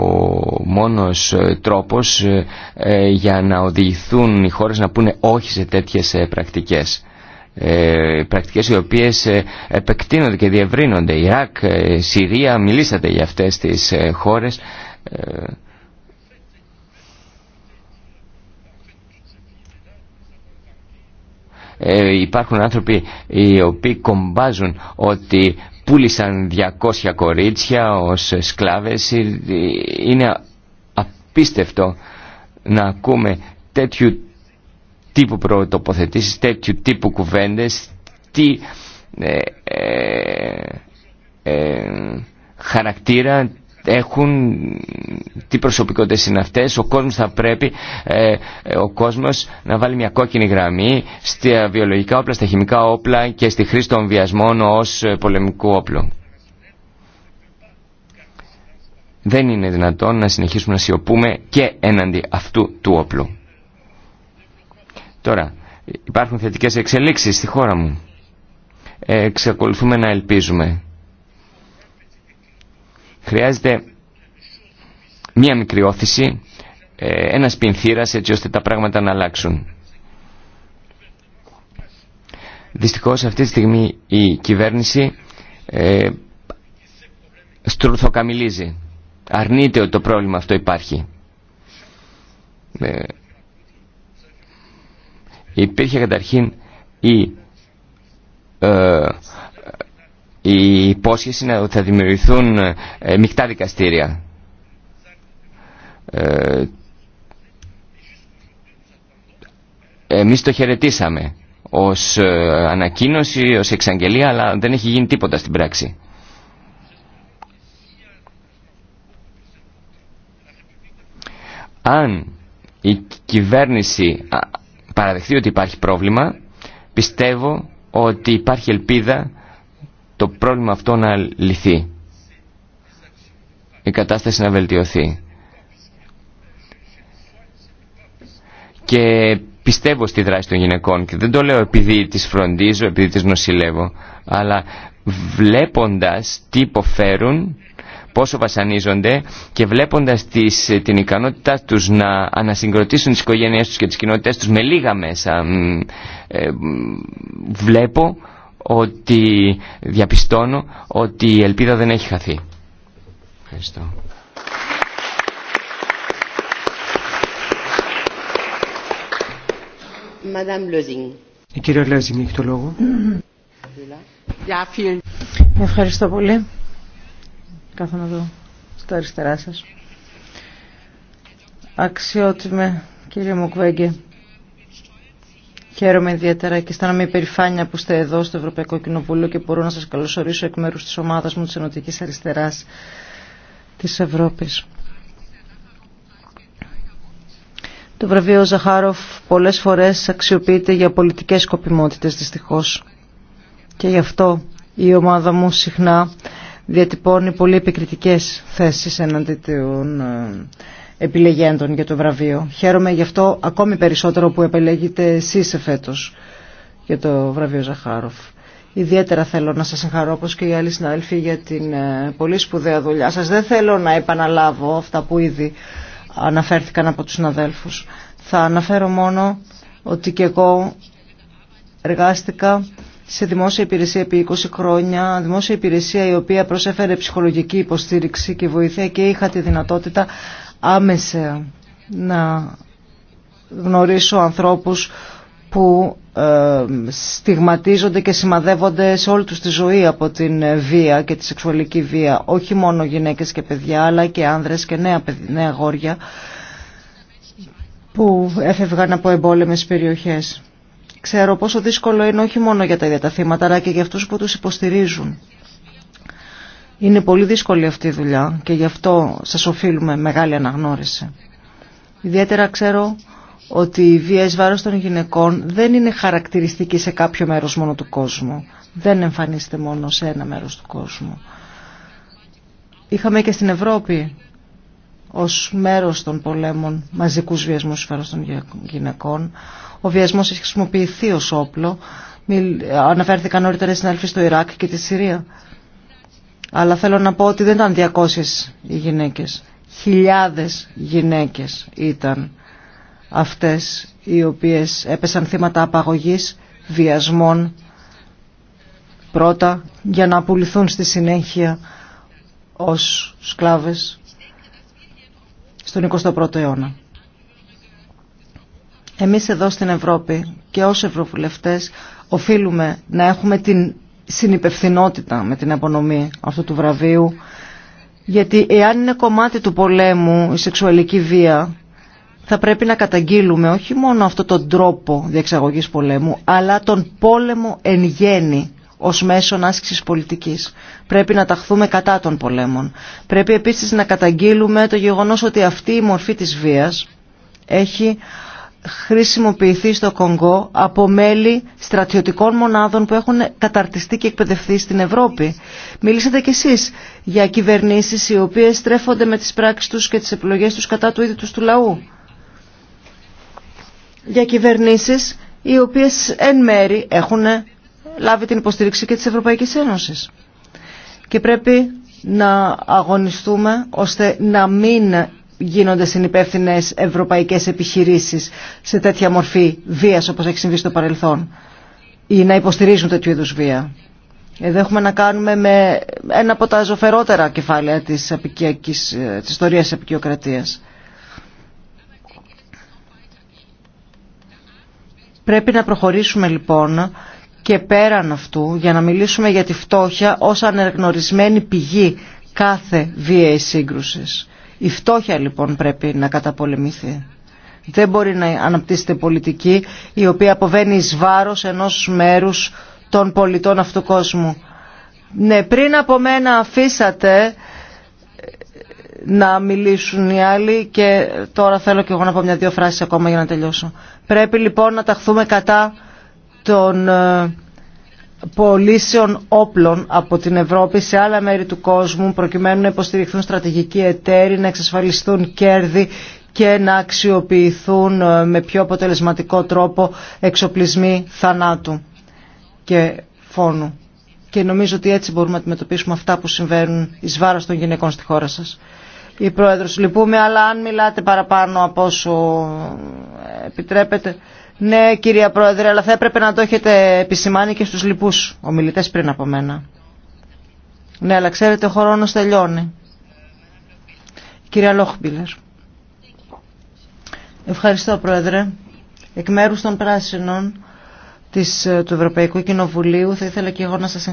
μόνος ε, τρόπος ε, ε, για να οδηγηθούν οι χώρες να πούνε όχι σε τέτοιες πρακτικές. Πρακτικές οι οποίες επεκτείνονται και διευρύνονται. Ιράκ, Συρία, μιλήσατε για αυτές τις χώρες. υπάρχουν άνθρωποι οι οποίοι κομπάζουν ότι πούλησαν 200 κορίτσια ως σκλάβες. Ε, είναι απίστευτο να ακούμε τέτοιου τύπου προτοποθετήσεις, τέτοιου τύπου κουβέντες, τι ε, ε, χαρακτήρα, έχουν τι προσωπικότητες είναι αυτές ο κόσμος θα πρέπει ε, ε, ο κόσμος να βάλει μια κόκκινη γραμμή στα βιολογικά όπλα, στα χημικά όπλα και στη χρήση των βιασμών ως ε, πολεμικού όπλου δεν είναι δυνατόν να συνεχίσουμε να σιωπούμε και έναντι αυτού του όπλου τώρα υπάρχουν θετικές εξελίξεις στη χώρα μου ε, εξακολουθούμε να ελπίζουμε Χρειάζεται μία μικρή όθηση, ε, ένας πινθύρας έτσι ώστε τα πράγματα να αλλάξουν. Δυστυχώς αυτή τη στιγμή η κυβέρνηση ε, στρουθοκαμιλίζει. Αρνείται ότι το πρόβλημα αυτό υπάρχει. Ε, υπήρχε καταρχήν η ε, η υπόσχεση είναι ότι θα δημιουργηθούν ε, μεικτά δικαστήρια. Ε, εμείς το χαιρετήσαμε ως ε, ανακοίνωση, ως εξαγγελία, αλλά δεν έχει γίνει τίποτα στην πράξη. Αν η κυβέρνηση παραδεχτεί ότι υπάρχει πρόβλημα, πιστεύω ότι υπάρχει ελπίδα το πρόβλημα αυτό να λυθεί. Η κατάσταση να βελτιωθεί. Και πιστεύω στη δράση των γυναικών και δεν το λέω επειδή τις φροντίζω, επειδή τις νοσηλεύω, αλλά βλέποντας τι υποφέρουν, πόσο βασανίζονται και βλέποντας τις, την ικανότητά τους να ανασυγκροτήσουν τις οικογένειές τους και τις κοινότητές τους με λίγα μέσα, ε, βλέπω ότι διαπιστώνω ότι η ελπίδα δεν έχει χαθεί. Ευχαριστώ. Η κυρία Λέζινγκ έχει το λόγο. Ευχαριστώ πολύ. Κάθομαι εδώ στα αριστερά σας. Αξιότιμε κύριε Μουκβέγγε. Χαίρομαι ιδιαίτερα και αισθάνομαι υπερηφάνεια που είστε εδώ στο Ευρωπαϊκό Κοινοβούλιο και μπορώ να σας καλωσορίσω εκ μέρους της ομάδας μου της Ενωτικής Αριστεράς της Ευρώπης. Το βραβείο Ζαχάροφ πολλές φορές αξιοποιείται για πολιτικές σκοπιμότητες δυστυχώς. Και γι' αυτό η ομάδα μου συχνά διατυπώνει πολύ επικριτικές θέσεις εναντί των ε, επιλεγέντων για το βραβείο. Χαίρομαι γι' αυτό ακόμη περισσότερο που επιλέγετε εσείς εφέτος για το βραβείο Ζαχάροφ. Ιδιαίτερα θέλω να σας συγχαρώ όπως και οι άλλοι συναδελφοί για την ε, πολύ σπουδαία δουλειά σας. Δεν θέλω να επαναλάβω αυτά που ήδη αναφέρθηκαν από τους συναδέλφους. Θα αναφέρω μόνο ότι και εγώ εργάστηκα σε δημόσια υπηρεσία επί 20 χρόνια, δημόσια υπηρεσία η οποία προσέφερε ψυχολογική υποστήριξη και βοήθεια και είχα τη δυνατότητα άμεσα να γνωρίσω ανθρώπους που ε, στιγματίζονται και σημαδεύονται σε όλη τους τη ζωή από την βία και τη σεξουαλική βία. Όχι μόνο γυναίκες και παιδιά, αλλά και άνδρες και νέα, νέα γόρια, που έφευγαν από εμπόλεμες περιοχές. Ξέρω πόσο δύσκολο είναι όχι μόνο για τα ίδια τα θύματα, αλλά και για αυτούς που τους υποστηρίζουν. Είναι πολύ δύσκολη αυτή η δουλειά και γι' αυτό σας οφείλουμε μεγάλη αναγνώριση. Ιδιαίτερα ξέρω ότι η βία εις βάρος των γυναικών δεν είναι χαρακτηριστική σε κάποιο μέρος μόνο του κόσμου. Δεν εμφανίζεται μόνο σε ένα μέρος του κόσμου. Είχαμε και στην Ευρώπη ως μέρος των πολέμων μαζικούς βιασμούς βάρος των γυναικών. Ο βιασμός έχει χρησιμοποιηθεί ως όπλο. Αναφέρθηκαν νωρίτερα οι στο Ιράκ και τη Συρία αλλά θέλω να πω ότι δεν ήταν 200 οι γυναίκες. Χιλιάδες γυναίκες ήταν αυτές οι οποίες έπεσαν θύματα απαγωγής, βιασμών, πρώτα για να απολυθούν στη συνέχεια ως σκλάβες στον 21ο αιώνα. Εμείς εδώ στην Ευρώπη και ως Ευρωβουλευτές οφείλουμε να έχουμε την συνυπευθυνότητα με την απονομή αυτού του βραβείου γιατί εάν είναι κομμάτι του πολέμου η σεξουαλική βία θα πρέπει να καταγγείλουμε όχι μόνο αυτόν τον τρόπο διεξαγωγής πολέμου αλλά τον πόλεμο εν γέννη ως μέσον άσκησης πολιτικής. Πρέπει να ταχθούμε κατά των πολέμων. Πρέπει επίσης να καταγγείλουμε το γεγονός ότι αυτή η μορφή της βίας έχει χρησιμοποιηθεί στο Κονγκό από μέλη στρατιωτικών μονάδων που έχουν καταρτιστεί και εκπαιδευτεί στην Ευρώπη. Μίλησατε κι εσείς για κυβερνήσεις οι οποίες στρέφονται με τις πράξεις τους και τις επιλογές τους κατά του ίδιου τους του λαού. Για κυβερνήσεις οι οποίες εν μέρη έχουν λάβει την υποστήριξη και της Ευρωπαϊκής Ένωσης. Και πρέπει να αγωνιστούμε ώστε να μην γίνονται συνυπεύθυνε ευρωπαϊκές επιχειρήσεις σε τέτοια μορφή βίας όπως έχει συμβεί στο παρελθόν ή να υποστηρίζουν τέτοιου είδους βία. Εδώ έχουμε να κάνουμε με ένα από τα ζωφερότερα κεφάλαια της, απικιακής, της ιστορίας της απικιοκρατίας. Πρέπει να προχωρήσουμε λοιπόν και πέραν αυτού για να μιλήσουμε για τη φτώχεια ως αναγνωρισμένη πηγή κάθε βίαιης σύγκρουσης. Η φτώχεια λοιπόν πρέπει να καταπολεμηθεί. Δεν μπορεί να αναπτύσσεται πολιτική η οποία αποβαίνει εις βάρος ενός μέρους των πολιτών αυτού κόσμου. Ναι, πριν από μένα αφήσατε ε, να μιλήσουν οι άλλοι και τώρα θέλω και εγώ να πω μια-δύο φράσεις ακόμα για να τελειώσω. Πρέπει λοιπόν να ταχθούμε κατά των ε, πωλήσεων όπλων από την Ευρώπη σε άλλα μέρη του κόσμου προκειμένου να υποστηριχθούν στρατηγικοί εταίροι, να εξασφαλιστούν κέρδη και να αξιοποιηθούν ε, με πιο αποτελεσματικό τρόπο εξοπλισμοί θανάτου και φόνου. Και νομίζω ότι έτσι μπορούμε να αντιμετωπίσουμε αυτά που συμβαίνουν εις βάρος των γυναικών στη χώρα σας. Η Πρόεδρος, λυπούμε, αλλά αν μιλάτε παραπάνω από όσο επιτρέπετε... Ναι, κυρία Πρόεδρε, αλλά θα έπρεπε να το έχετε επισημάνει και στους λοιπούς ομιλητές πριν από μένα. Ναι, αλλά ξέρετε, ο χρόνος τελειώνει. Κυρία Λόχμπιλερ. Ευχαριστώ, Πρόεδρε. Εκ μέρους των Πράσινων ε, του Ευρωπαϊκού Κοινοβουλίου. Θα ήθελα και εγώ να σας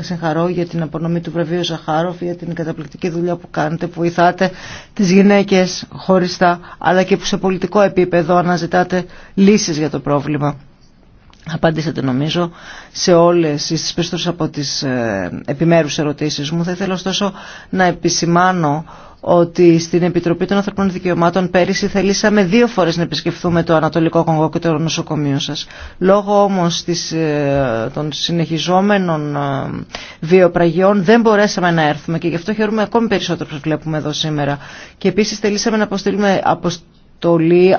συγχαρώ για την απονομή του βραβείου Ζαχάροφ, για την καταπληκτική δουλειά που κάνετε, που βοηθάτε τις γυναίκες χωριστά, αλλά και που σε πολιτικό επίπεδο αναζητάτε λύσεις για το πρόβλημα. Απάντησατε νομίζω σε όλες τις περισσότερες από τις ε, επιμέρους ερωτήσεις μου. Θα ήθελα ωστόσο να επισημάνω ότι στην Επιτροπή των Ανθρωπίνων Δικαιωμάτων πέρυσι θελήσαμε δύο φορές να επισκεφθούμε το Ανατολικό Κονγκό και το νοσοκομείο σας. Λόγω όμως ε, των συνεχιζόμενων ε, βιοπραγιών δεν μπορέσαμε να έρθουμε και γι' αυτό χαιρούμε ακόμη περισσότερο που βλέπουμε εδώ σήμερα. Και επίσης θελήσαμε να αποστείλουμε αποστολή,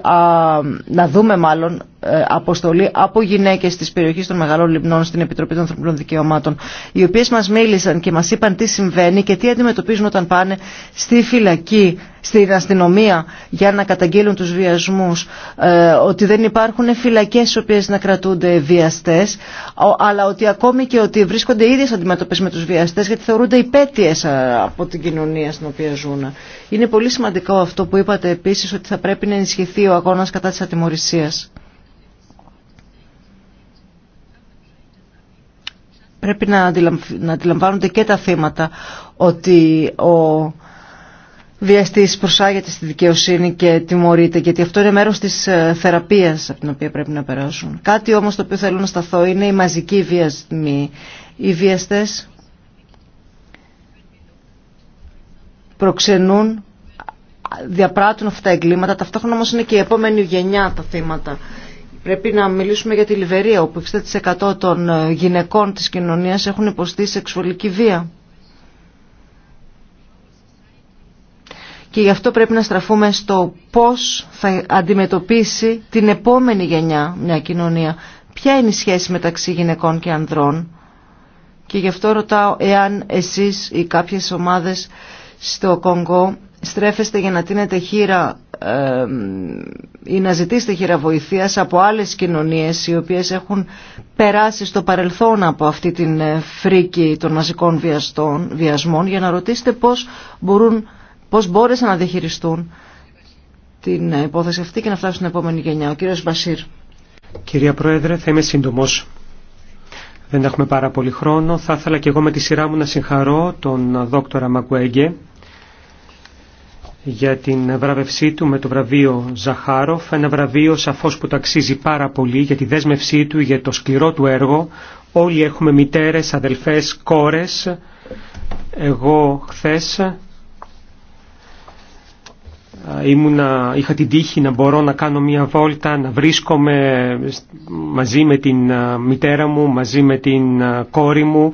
να δούμε μάλλον ε, αποστολή από γυναίκε τη περιοχή των Μεγαλών Λιμνών στην Επιτροπή των Ανθρωπίνων Δικαιωμάτων, οι οποίε μα μίλησαν και μα είπαν τι συμβαίνει και τι αντιμετωπίζουν όταν πάνε στη φυλακή στην αστυνομία για να καταγγείλουν του βιασμού, ε, ότι δεν υπάρχουν φυλακέ στι οποίε να κρατούνται βιαστέ, αλλά ότι ακόμη και ότι βρίσκονται ίδιες αντιμετωπίε με του βιαστέ, γιατί θεωρούνται υπέτειε ε, από την κοινωνία στην οποία ζουν. Είναι πολύ σημαντικό αυτό που είπατε επίση ότι θα πρέπει να ενισχυθεί ο αγώνα κατά τη ατιμορρησία. πρέπει να, να αντιλαμβάνονται και τα θύματα ότι ο βιαστής προσάγεται στη δικαιοσύνη και τιμωρείται γιατί αυτό είναι μέρος της ε, θεραπείας από την οποία πρέπει να περάσουν. Κάτι όμως το οποίο θέλω να σταθώ είναι η μαζική βιασμή. Οι βιαστές προξενούν, διαπράττουν αυτά τα εγκλήματα, ταυτόχρονα όμως είναι και η επόμενη γενιά τα θύματα. Πρέπει να μιλήσουμε για τη Λιβερία, όπου 60% των ε, γυναικών της κοινωνίας έχουν υποστεί σεξουαλική βία. Και γι' αυτό πρέπει να στραφούμε στο πώς θα αντιμετωπίσει την επόμενη γενιά μια κοινωνία. Ποια είναι η σχέση μεταξύ γυναικών και ανδρών. Και γι' αυτό ρωτάω εάν εσείς ή κάποιες ομάδες στο Κονγκό στρέφεστε για να τίνετε χείρα ε, ή να ζητήσετε χείρα βοηθείας από άλλες κοινωνίες οι οποίες έχουν περάσει στο παρελθόν από αυτή την ε, φρίκη των μαζικών βιαστών, βιασμών για να ρωτήσετε πώς, μπορούν, πώς μπόρεσαν να διαχειριστούν την ε, υπόθεση αυτή και να φτάσουν στην επόμενη γενιά. Ο κύριος Μπασίρ. Κυρία Πρόεδρε, θα είμαι σύντομος. Δεν έχουμε πάρα πολύ χρόνο. Θα ήθελα και εγώ με τη σειρά μου να συγχαρώ τον ε, δόκτορα Μακουέγγε για την βραβευσή του με το βραβείο Ζαχάροφ, ένα βραβείο σαφώς που ταξίζει πάρα πολύ για τη δέσμευσή του, για το σκληρό του έργο. Όλοι έχουμε μητέρες, αδελφές, κόρες. Εγώ χθες ήμουνα, είχα την τύχη να μπορώ να κάνω μια βόλτα, να βρίσκομαι μαζί με την μητέρα μου, μαζί με την κόρη μου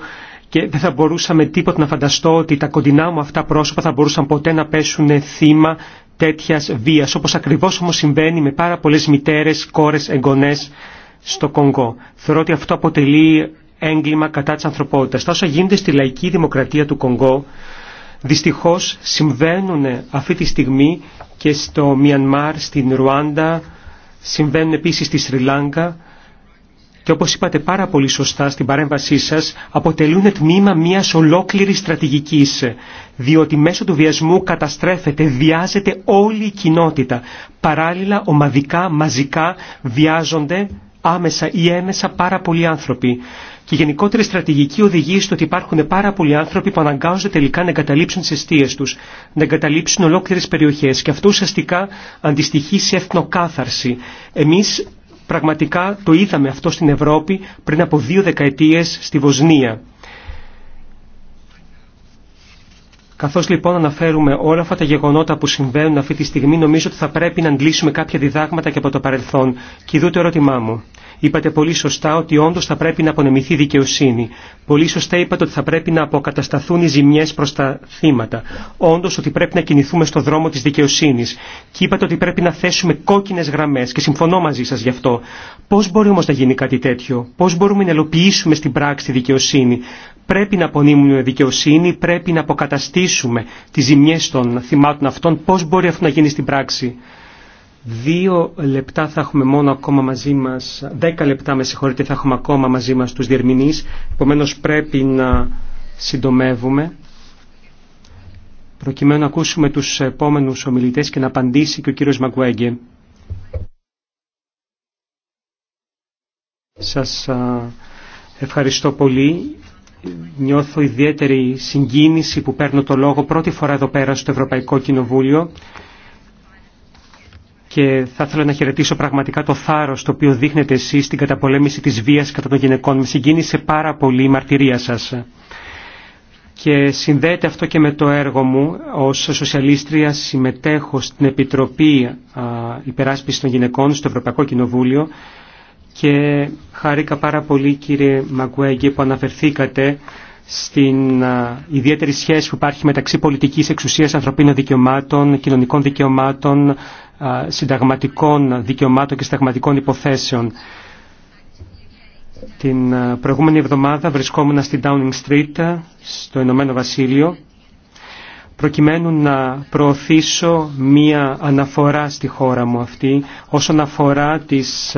και δεν θα μπορούσαμε τίποτα να φανταστώ ότι τα κοντινά μου αυτά πρόσωπα θα μπορούσαν ποτέ να πέσουν θύμα τέτοια βία, όπω ακριβώ όμω συμβαίνει με πάρα πολλέ μητέρε, κόρε, εγγονέ στο Κονγκό. Θεωρώ ότι αυτό αποτελεί έγκλημα κατά τη ανθρωπότητα. Τα όσα γίνεται στη λαϊκή δημοκρατία του Κονγκό, δυστυχώ συμβαίνουν αυτή τη στιγμή και στο Μιανμάρ, στην Ρουάντα, συμβαίνουν επίση στη Σρι Λάγκα και όπως είπατε πάρα πολύ σωστά στην παρέμβασή σας, αποτελούν τμήμα μιας ολόκληρης στρατηγικής, διότι μέσω του βιασμού καταστρέφεται, βιάζεται όλη η κοινότητα. Παράλληλα, ομαδικά, μαζικά βιάζονται άμεσα ή έμεσα πάρα πολλοί άνθρωποι. Και η γενικότερη στρατηγική οδηγεί στο ότι υπάρχουν πάρα πολλοί άνθρωποι που αναγκάζονται τελικά να εγκαταλείψουν τι αιστείε του, να εγκαταλείψουν ολόκληρε περιοχέ. Και αυτό ουσιαστικά αντιστοιχεί σε εθνοκάθαρση. Εμεί Πραγματικά το είδαμε αυτό στην Ευρώπη πριν από δύο δεκαετίες στη Βοσνία. Καθώς λοιπόν αναφέρουμε όλα αυτά τα γεγονότα που συμβαίνουν αυτή τη στιγμή, νομίζω ότι θα πρέπει να αντλήσουμε κάποια διδάγματα και από το παρελθόν. Και δούτε το ερώτημά μου. Είπατε πολύ σωστά ότι όντω θα πρέπει να απονεμηθεί δικαιοσύνη. Πολύ σωστά είπατε ότι θα πρέπει να αποκατασταθούν οι ζημιέ προ τα θύματα. Όντω ότι πρέπει να κινηθούμε στο δρόμο τη δικαιοσύνη. Και είπατε ότι πρέπει να θέσουμε κόκκινε γραμμέ και συμφωνώ μαζί σα γι' αυτό. Πώ μπορεί όμω να γίνει κάτι τέτοιο, πώ μπορούμε να ελοποιήσουμε στην πράξη τη δικαιοσύνη, Πρέπει να απονείμουμε δικαιοσύνη, πρέπει να αποκαταστήσουμε τις ζημιές των θυμάτων αυτών. Πώς μπορεί αυτό να γίνει στην πράξη. Δύο λεπτά θα έχουμε μόνο ακόμα μαζί μας, δέκα λεπτά με συγχωρείτε θα έχουμε ακόμα μαζί μας τους διερμηνείς, επομένω πρέπει να συντομεύουμε προκειμένου να ακούσουμε τους επόμενους ομιλητές και να απαντήσει και ο κύριος Μαγκουέγγε. Σας ευχαριστώ πολύ νιώθω ιδιαίτερη συγκίνηση που παίρνω το λόγο πρώτη φορά εδώ πέρα στο Ευρωπαϊκό Κοινοβούλιο και θα ήθελα να χαιρετήσω πραγματικά το θάρρος το οποίο δείχνετε εσείς στην καταπολέμηση της βίας κατά των γυναικών. Με συγκίνησε πάρα πολύ η μαρτυρία σας. Και συνδέεται αυτό και με το έργο μου. Ως σοσιαλίστρια συμμετέχω στην Επιτροπή Υπεράσπισης των Γυναικών στο Ευρωπαϊκό Κοινοβούλιο και χάρηκα πάρα πολύ κύριε Μαγκουέγγε που αναφερθήκατε στην ιδιαίτερη σχέση που υπάρχει μεταξύ πολιτικής εξουσίας ανθρωπίνων δικαιωμάτων, κοινωνικών δικαιωμάτων, συνταγματικών δικαιωμάτων και συνταγματικών υποθέσεων. Την προηγούμενη εβδομάδα βρισκόμουν στην Downing Street στο Ηνωμένο Βασίλειο προκειμένου να προωθήσω μία αναφορά στη χώρα μου αυτή όσον αφορά τις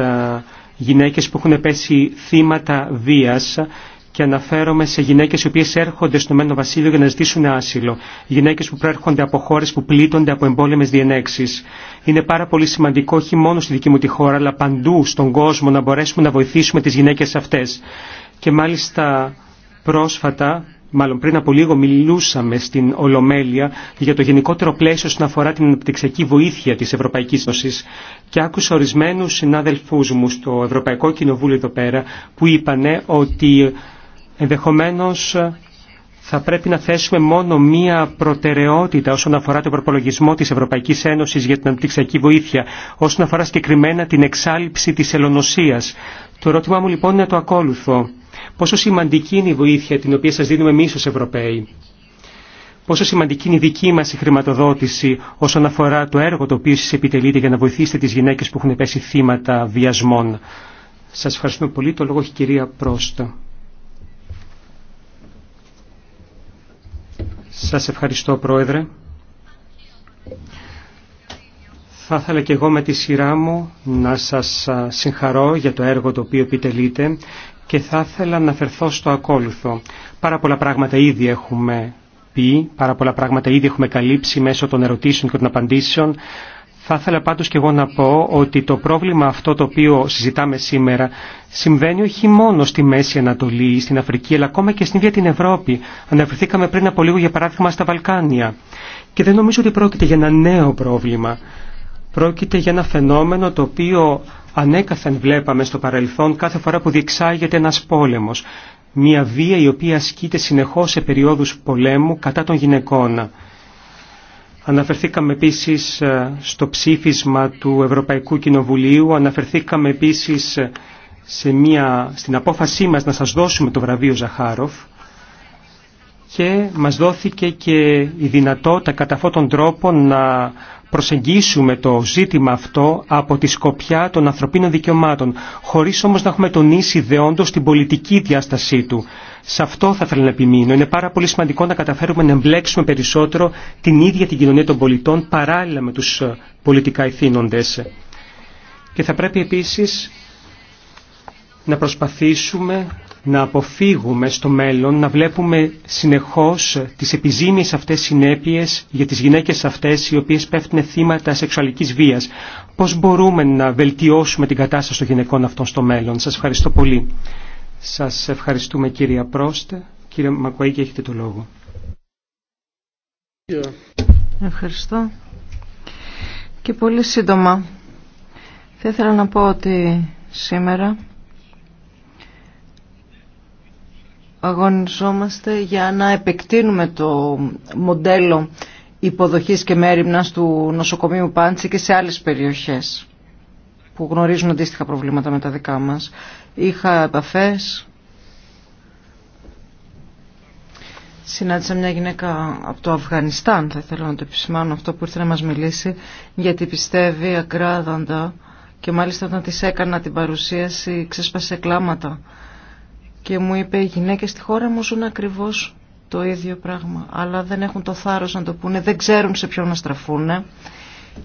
γυναίκες που έχουν πέσει θύματα βίας και αναφέρομαι σε γυναίκες οι οποίες έρχονται στο Μένο Βασίλειο για να ζητήσουν άσυλο. Γυναίκες που προέρχονται από χώρες που πλήττονται από εμπόλεμες διενέξεις. Είναι πάρα πολύ σημαντικό όχι μόνο στη δική μου τη χώρα, αλλά παντού στον κόσμο να μπορέσουμε να βοηθήσουμε τις γυναίκες αυτές. Και μάλιστα πρόσφατα μάλλον πριν από λίγο μιλούσαμε στην Ολομέλεια για το γενικότερο πλαίσιο όσον αφορά την αναπτυξιακή βοήθεια της Ευρωπαϊκής Ένωσης και άκουσα ορισμένους συνάδελφούς μου στο Ευρωπαϊκό Κοινοβούλιο εδώ πέρα που είπανε ότι ενδεχομένως θα πρέπει να θέσουμε μόνο μία προτεραιότητα όσον αφορά τον προπολογισμό της Ευρωπαϊκής Ένωσης για την αναπτυξιακή βοήθεια, όσον αφορά συγκεκριμένα την εξάλληψη της ελονοσίας. Το ερώτημά μου λοιπόν είναι το ακόλουθο πόσο σημαντική είναι η βοήθεια την οποία σας δίνουμε εμείς ως Ευρωπαίοι. Πόσο σημαντική είναι η δική μας η χρηματοδότηση όσον αφορά το έργο το οποίο σας επιτελείτε για να βοηθήσετε τις γυναίκες που έχουν πέσει θύματα βιασμών. Σας ευχαριστούμε πολύ. Το λόγο έχει η κυρία Πρόστα. Σας ευχαριστώ Πρόεδρε. Θα ήθελα και εγώ με τη σειρά μου να σας συγχαρώ για το έργο το οποίο επιτελείτε και θα ήθελα να αναφερθώ στο ακόλουθο. Πάρα πολλά πράγματα ήδη έχουμε πει, πάρα πολλά πράγματα ήδη έχουμε καλύψει μέσω των ερωτήσεων και των απαντήσεων. Θα ήθελα πάντως και εγώ να πω ότι το πρόβλημα αυτό το οποίο συζητάμε σήμερα συμβαίνει όχι μόνο στη Μέση Ανατολή, στην Αφρική, αλλά ακόμα και στην ίδια την Ευρώπη. Αναφερθήκαμε πριν από λίγο για παράδειγμα στα Βαλκάνια. Και δεν νομίζω ότι πρόκειται για ένα νέο πρόβλημα. Πρόκειται για ένα φαινόμενο το οποίο ανέκαθεν βλέπαμε στο παρελθόν κάθε φορά που διεξάγεται ένας πόλεμος. Μια βία η οποία ασκείται συνεχώς σε περιόδους πολέμου κατά των γυναικών. Αναφερθήκαμε επίσης ε, στο ψήφισμα του Ευρωπαϊκού Κοινοβουλίου, αναφερθήκαμε επίσης ε, σε μια, στην απόφασή μας να σας δώσουμε το βραβείο Ζαχάροφ και μας δόθηκε και η δυνατότητα κατά αυτόν τον τρόπο να προσεγγίσουμε το ζήτημα αυτό από τη σκοπιά των ανθρωπίνων δικαιωμάτων, χωρίς όμως να έχουμε τονίσει δεόντως την πολιτική διάστασή του. Σε αυτό θα θέλω να επιμείνω. Είναι πάρα πολύ σημαντικό να καταφέρουμε να εμπλέξουμε περισσότερο την ίδια την κοινωνία των πολιτών παράλληλα με τους ε, πολιτικά ηθήνοντες. Και θα πρέπει επίσης να προσπαθήσουμε να αποφύγουμε στο μέλλον να βλέπουμε συνεχώς τις επιζήμιες αυτές συνέπειες για τις γυναίκες αυτές οι οποίες πέφτουν θύματα σεξουαλικής βίας. Πώς μπορούμε να βελτιώσουμε την κατάσταση των γυναικών αυτών στο μέλλον. Σας ευχαριστώ πολύ. Σας ευχαριστούμε κύριε Πρόστε. Κύριε Μακουαίκη έχετε το λόγο. Ευχαριστώ. Και πολύ σύντομα. Θα ήθελα να πω ότι σήμερα αγωνιζόμαστε για να επεκτείνουμε το μοντέλο υποδοχής και μέρημνας του νοσοκομείου Πάντση και σε άλλες περιοχές που γνωρίζουν αντίστοιχα προβλήματα με τα δικά μας. Είχα επαφές, συνάντησα μια γυναίκα από το Αφγανιστάν, θα ήθελα να το επισημάνω αυτό που ήρθε να μας μιλήσει, γιατί πιστεύει ακράδαντα και μάλιστα όταν της έκανα την παρουσίαση ξέσπασε κλάματα και μου είπε οι γυναίκες στη χώρα μου ζουν ακριβώς το ίδιο πράγμα αλλά δεν έχουν το θάρρος να το πούνε, δεν ξέρουν σε ποιον να στραφούν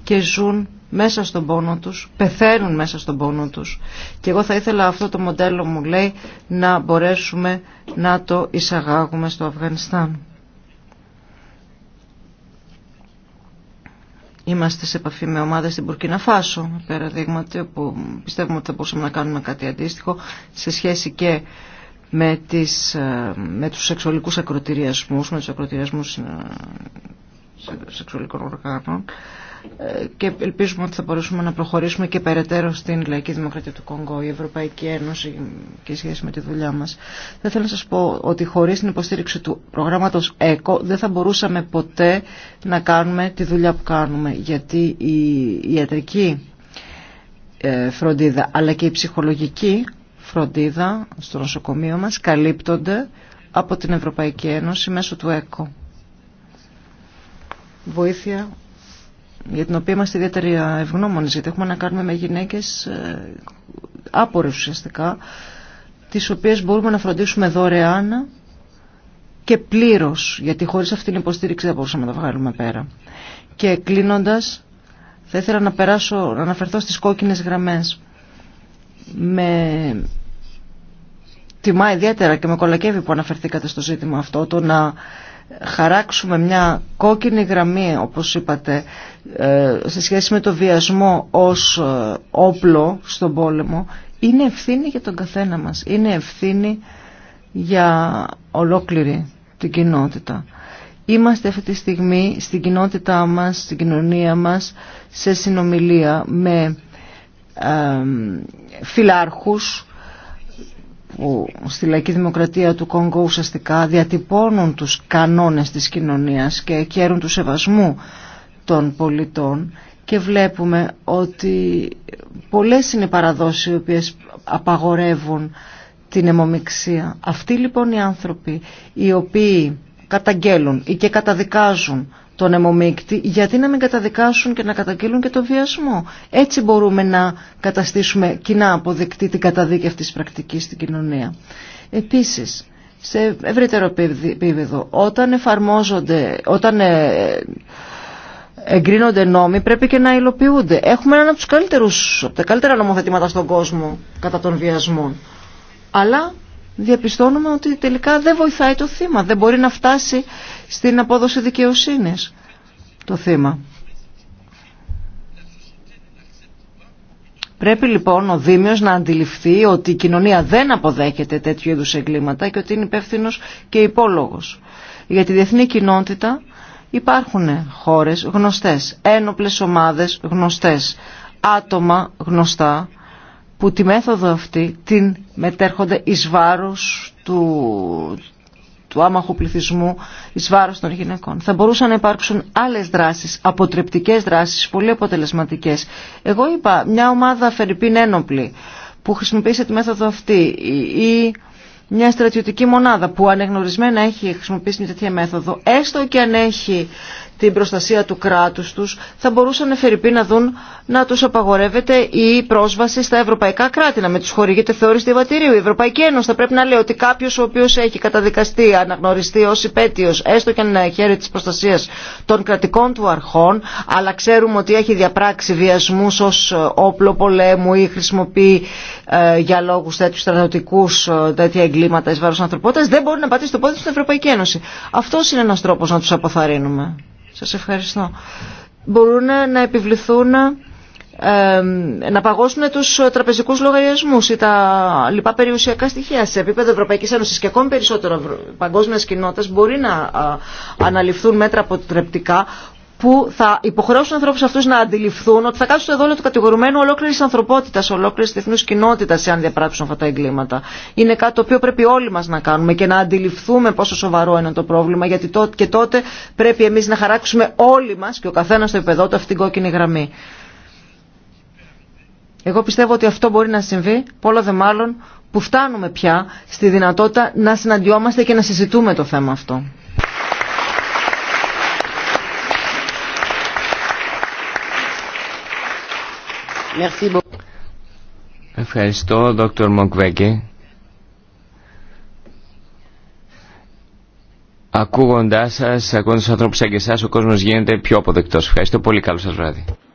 και ζουν μέσα στον πόνο τους, πεθαίνουν μέσα στον πόνο τους και εγώ θα ήθελα αυτό το μοντέλο μου λέει να μπορέσουμε να το εισαγάγουμε στο Αφγανιστάν. Είμαστε σε επαφή με ομάδες στην Πουρκίνα Φάσο, όπου πιστεύουμε ότι θα μπορούσαμε να κάνουμε κάτι αντίστοιχο σε σχέση και με, τις, ε, με τους σεξουαλικούς ακροτηριασμούς, με τους ακροτηριασμούς ε, σεξουαλικών οργάνων ε, και ελπίζουμε ότι θα μπορέσουμε να προχωρήσουμε και περαιτέρω στην Λαϊκή Δημοκρατία του Κονγκό, η Ευρωπαϊκή Ένωση και η σχέση με τη δουλειά μας. Θα ήθελα να σας πω ότι χωρίς την υποστήριξη του προγράμματος ΕΚΟ δεν θα μπορούσαμε ποτέ να κάνουμε τη δουλειά που κάνουμε, γιατί η ιατρική φροντίδα αλλά και η ψυχολογική φροντίδα στο νοσοκομείο μας καλύπτονται από την Ευρωπαϊκή Ένωση μέσω του ΕΚΟ. Βοήθεια για την οποία είμαστε ιδιαίτερα ευγνώμονες γιατί έχουμε να κάνουμε με γυναίκες ε, άπορες ουσιαστικά τις οποίες μπορούμε να φροντίσουμε δωρεάν και πλήρως γιατί χωρίς αυτή την υποστήριξη δεν μπορούσαμε να τα βγάλουμε πέρα. Και κλείνοντας θα ήθελα να, περάσω, να αναφερθώ στις κόκκινες γραμμές με τιμά ιδιαίτερα και με κολακεύει που αναφερθήκατε στο ζήτημα αυτό το να χαράξουμε μια κόκκινη γραμμή όπως είπατε ε, σε σχέση με το βιασμό ως ε, όπλο στον πόλεμο είναι ευθύνη για τον καθένα μας είναι ευθύνη για ολόκληρη την κοινότητα Είμαστε αυτή τη στιγμή στην κοινότητά μας, στην κοινωνία μας, σε συνομιλία με φιλάρχους που στη λαϊκή δημοκρατία του Κόγκο ουσιαστικά διατυπώνουν τους κανόνες της κοινωνίας και κέρουν του σεβασμού των πολιτών και βλέπουμε ότι πολλές είναι παραδόσεις οι οποίες απαγορεύουν την αιμομιξία. Αυτοί λοιπόν οι άνθρωποι οι οποίοι καταγγέλουν ή και καταδικάζουν τον αιμομίκτη, γιατί να μην καταδικάσουν και να καταγγείλουν και το βιασμό. Έτσι μπορούμε να καταστήσουμε κοινά αποδεκτή την καταδίκη αυτής της πρακτικής στην κοινωνία. Επίσης, σε ευρύτερο επίπεδο, όταν εφαρμόζονται, όταν ε, εγκρίνονται νόμοι πρέπει και να υλοποιούνται. Έχουμε έναν από τους καλύτερους, από τα καλύτερα νομοθετήματα στον κόσμο κατά τον βιασμό. Αλλά διαπιστώνουμε ότι τελικά δεν βοηθάει το θύμα, δεν μπορεί να φτάσει στην απόδοση δικαιοσύνης το θύμα. Πρέπει λοιπόν ο Δήμιος να αντιληφθεί ότι η κοινωνία δεν αποδέχεται τέτοιου είδους εγκλήματα και ότι είναι υπεύθυνο και υπόλογος. Για τη διεθνή κοινότητα υπάρχουν χώρες γνωστές, ένοπλες ομάδες γνωστές, άτομα γνωστά που τη μέθοδο αυτή την μετέρχονται εις βάρος του, του άμαχου πληθυσμού εις βάρος των γυναικών. Θα μπορούσαν να υπάρξουν άλλες δράσεις, αποτρεπτικές δράσεις, πολύ αποτελεσματικές. Εγώ είπα, μια ομάδα φερρυπίν ένοπλη που χρησιμοποίησε τη μέθοδο αυτή ή μια στρατιωτική μονάδα που ανεγνωρισμένα έχει χρησιμοποιήσει μια τέτοια μέθοδο, έστω και αν έχει την προστασία του κράτους τους, θα μπορούσαν εφερειπή να δουν να τους απαγορεύεται η πρόσβαση στα ευρωπαϊκά κράτη, να με τους χορηγείται θεώρηση διαβατηρίου. Η Ευρωπαϊκή Ένωση θα πρέπει να λέει ότι κάποιος ο οποίος έχει καταδικαστεί, αναγνωριστεί ως υπέτειος, έστω και ένα χέρι της προστασίας των κρατικών του αρχών, αλλά ξέρουμε ότι έχει διαπράξει βιασμούς ως ε, όπλο πολέμου ή χρησιμοποιεί ε, για λόγους τέτοιου στρατιωτικούς ε, τέτοια εγκλήματα εις βάρος ανθρωπότητας, δεν μπορεί να πατήσει το πόδι στην Ευρωπαϊκή Ένωση. Αυτός είναι ένας τρόπος να τους αποθαρρύνουμε. Σας ευχαριστώ. Μπορούν να επιβληθούν να παγώσουν τους τραπεζικούς λογαριασμούς ή τα λοιπά περιουσιακά στοιχεία σε επίπεδο Ευρωπαϊκής Ένωσης και ακόμη περισσότερο παγκόσμιας κοινότητας μπορεί να αναλυφθούν μέτρα αποτρεπτικά που θα υποχρεώσουν ανθρώπου αυτού να αντιληφθούν ότι θα κάτσουν εδώ του κατηγορουμένου ολόκληρη ανθρωπότητα, ολόκληρη διεθνού κοινότητα, εάν διαπράξουν αυτά τα εγκλήματα. Είναι κάτι το οποίο πρέπει όλοι μα να κάνουμε και να αντιληφθούμε πόσο σοβαρό είναι το πρόβλημα, γιατί τότε και τότε πρέπει εμεί να χαράξουμε όλοι μα και ο καθένα στο επίπεδό του αυτήν την κόκκινη γραμμή. Εγώ πιστεύω ότι αυτό μπορεί να συμβεί, πόλο δε μάλλον που φτάνουμε πια στη δυνατότητα να συναντιόμαστε και να συζητούμε το θέμα αυτό. Ευχαριστώ, Δόκτωρ Ακούγοντα Ακούγοντάς σας, ακούγοντας ανθρώπους σαν και εσάς, ο κόσμος γίνεται πιο αποδεκτός. Ευχαριστώ πολύ. Καλό σας βράδυ.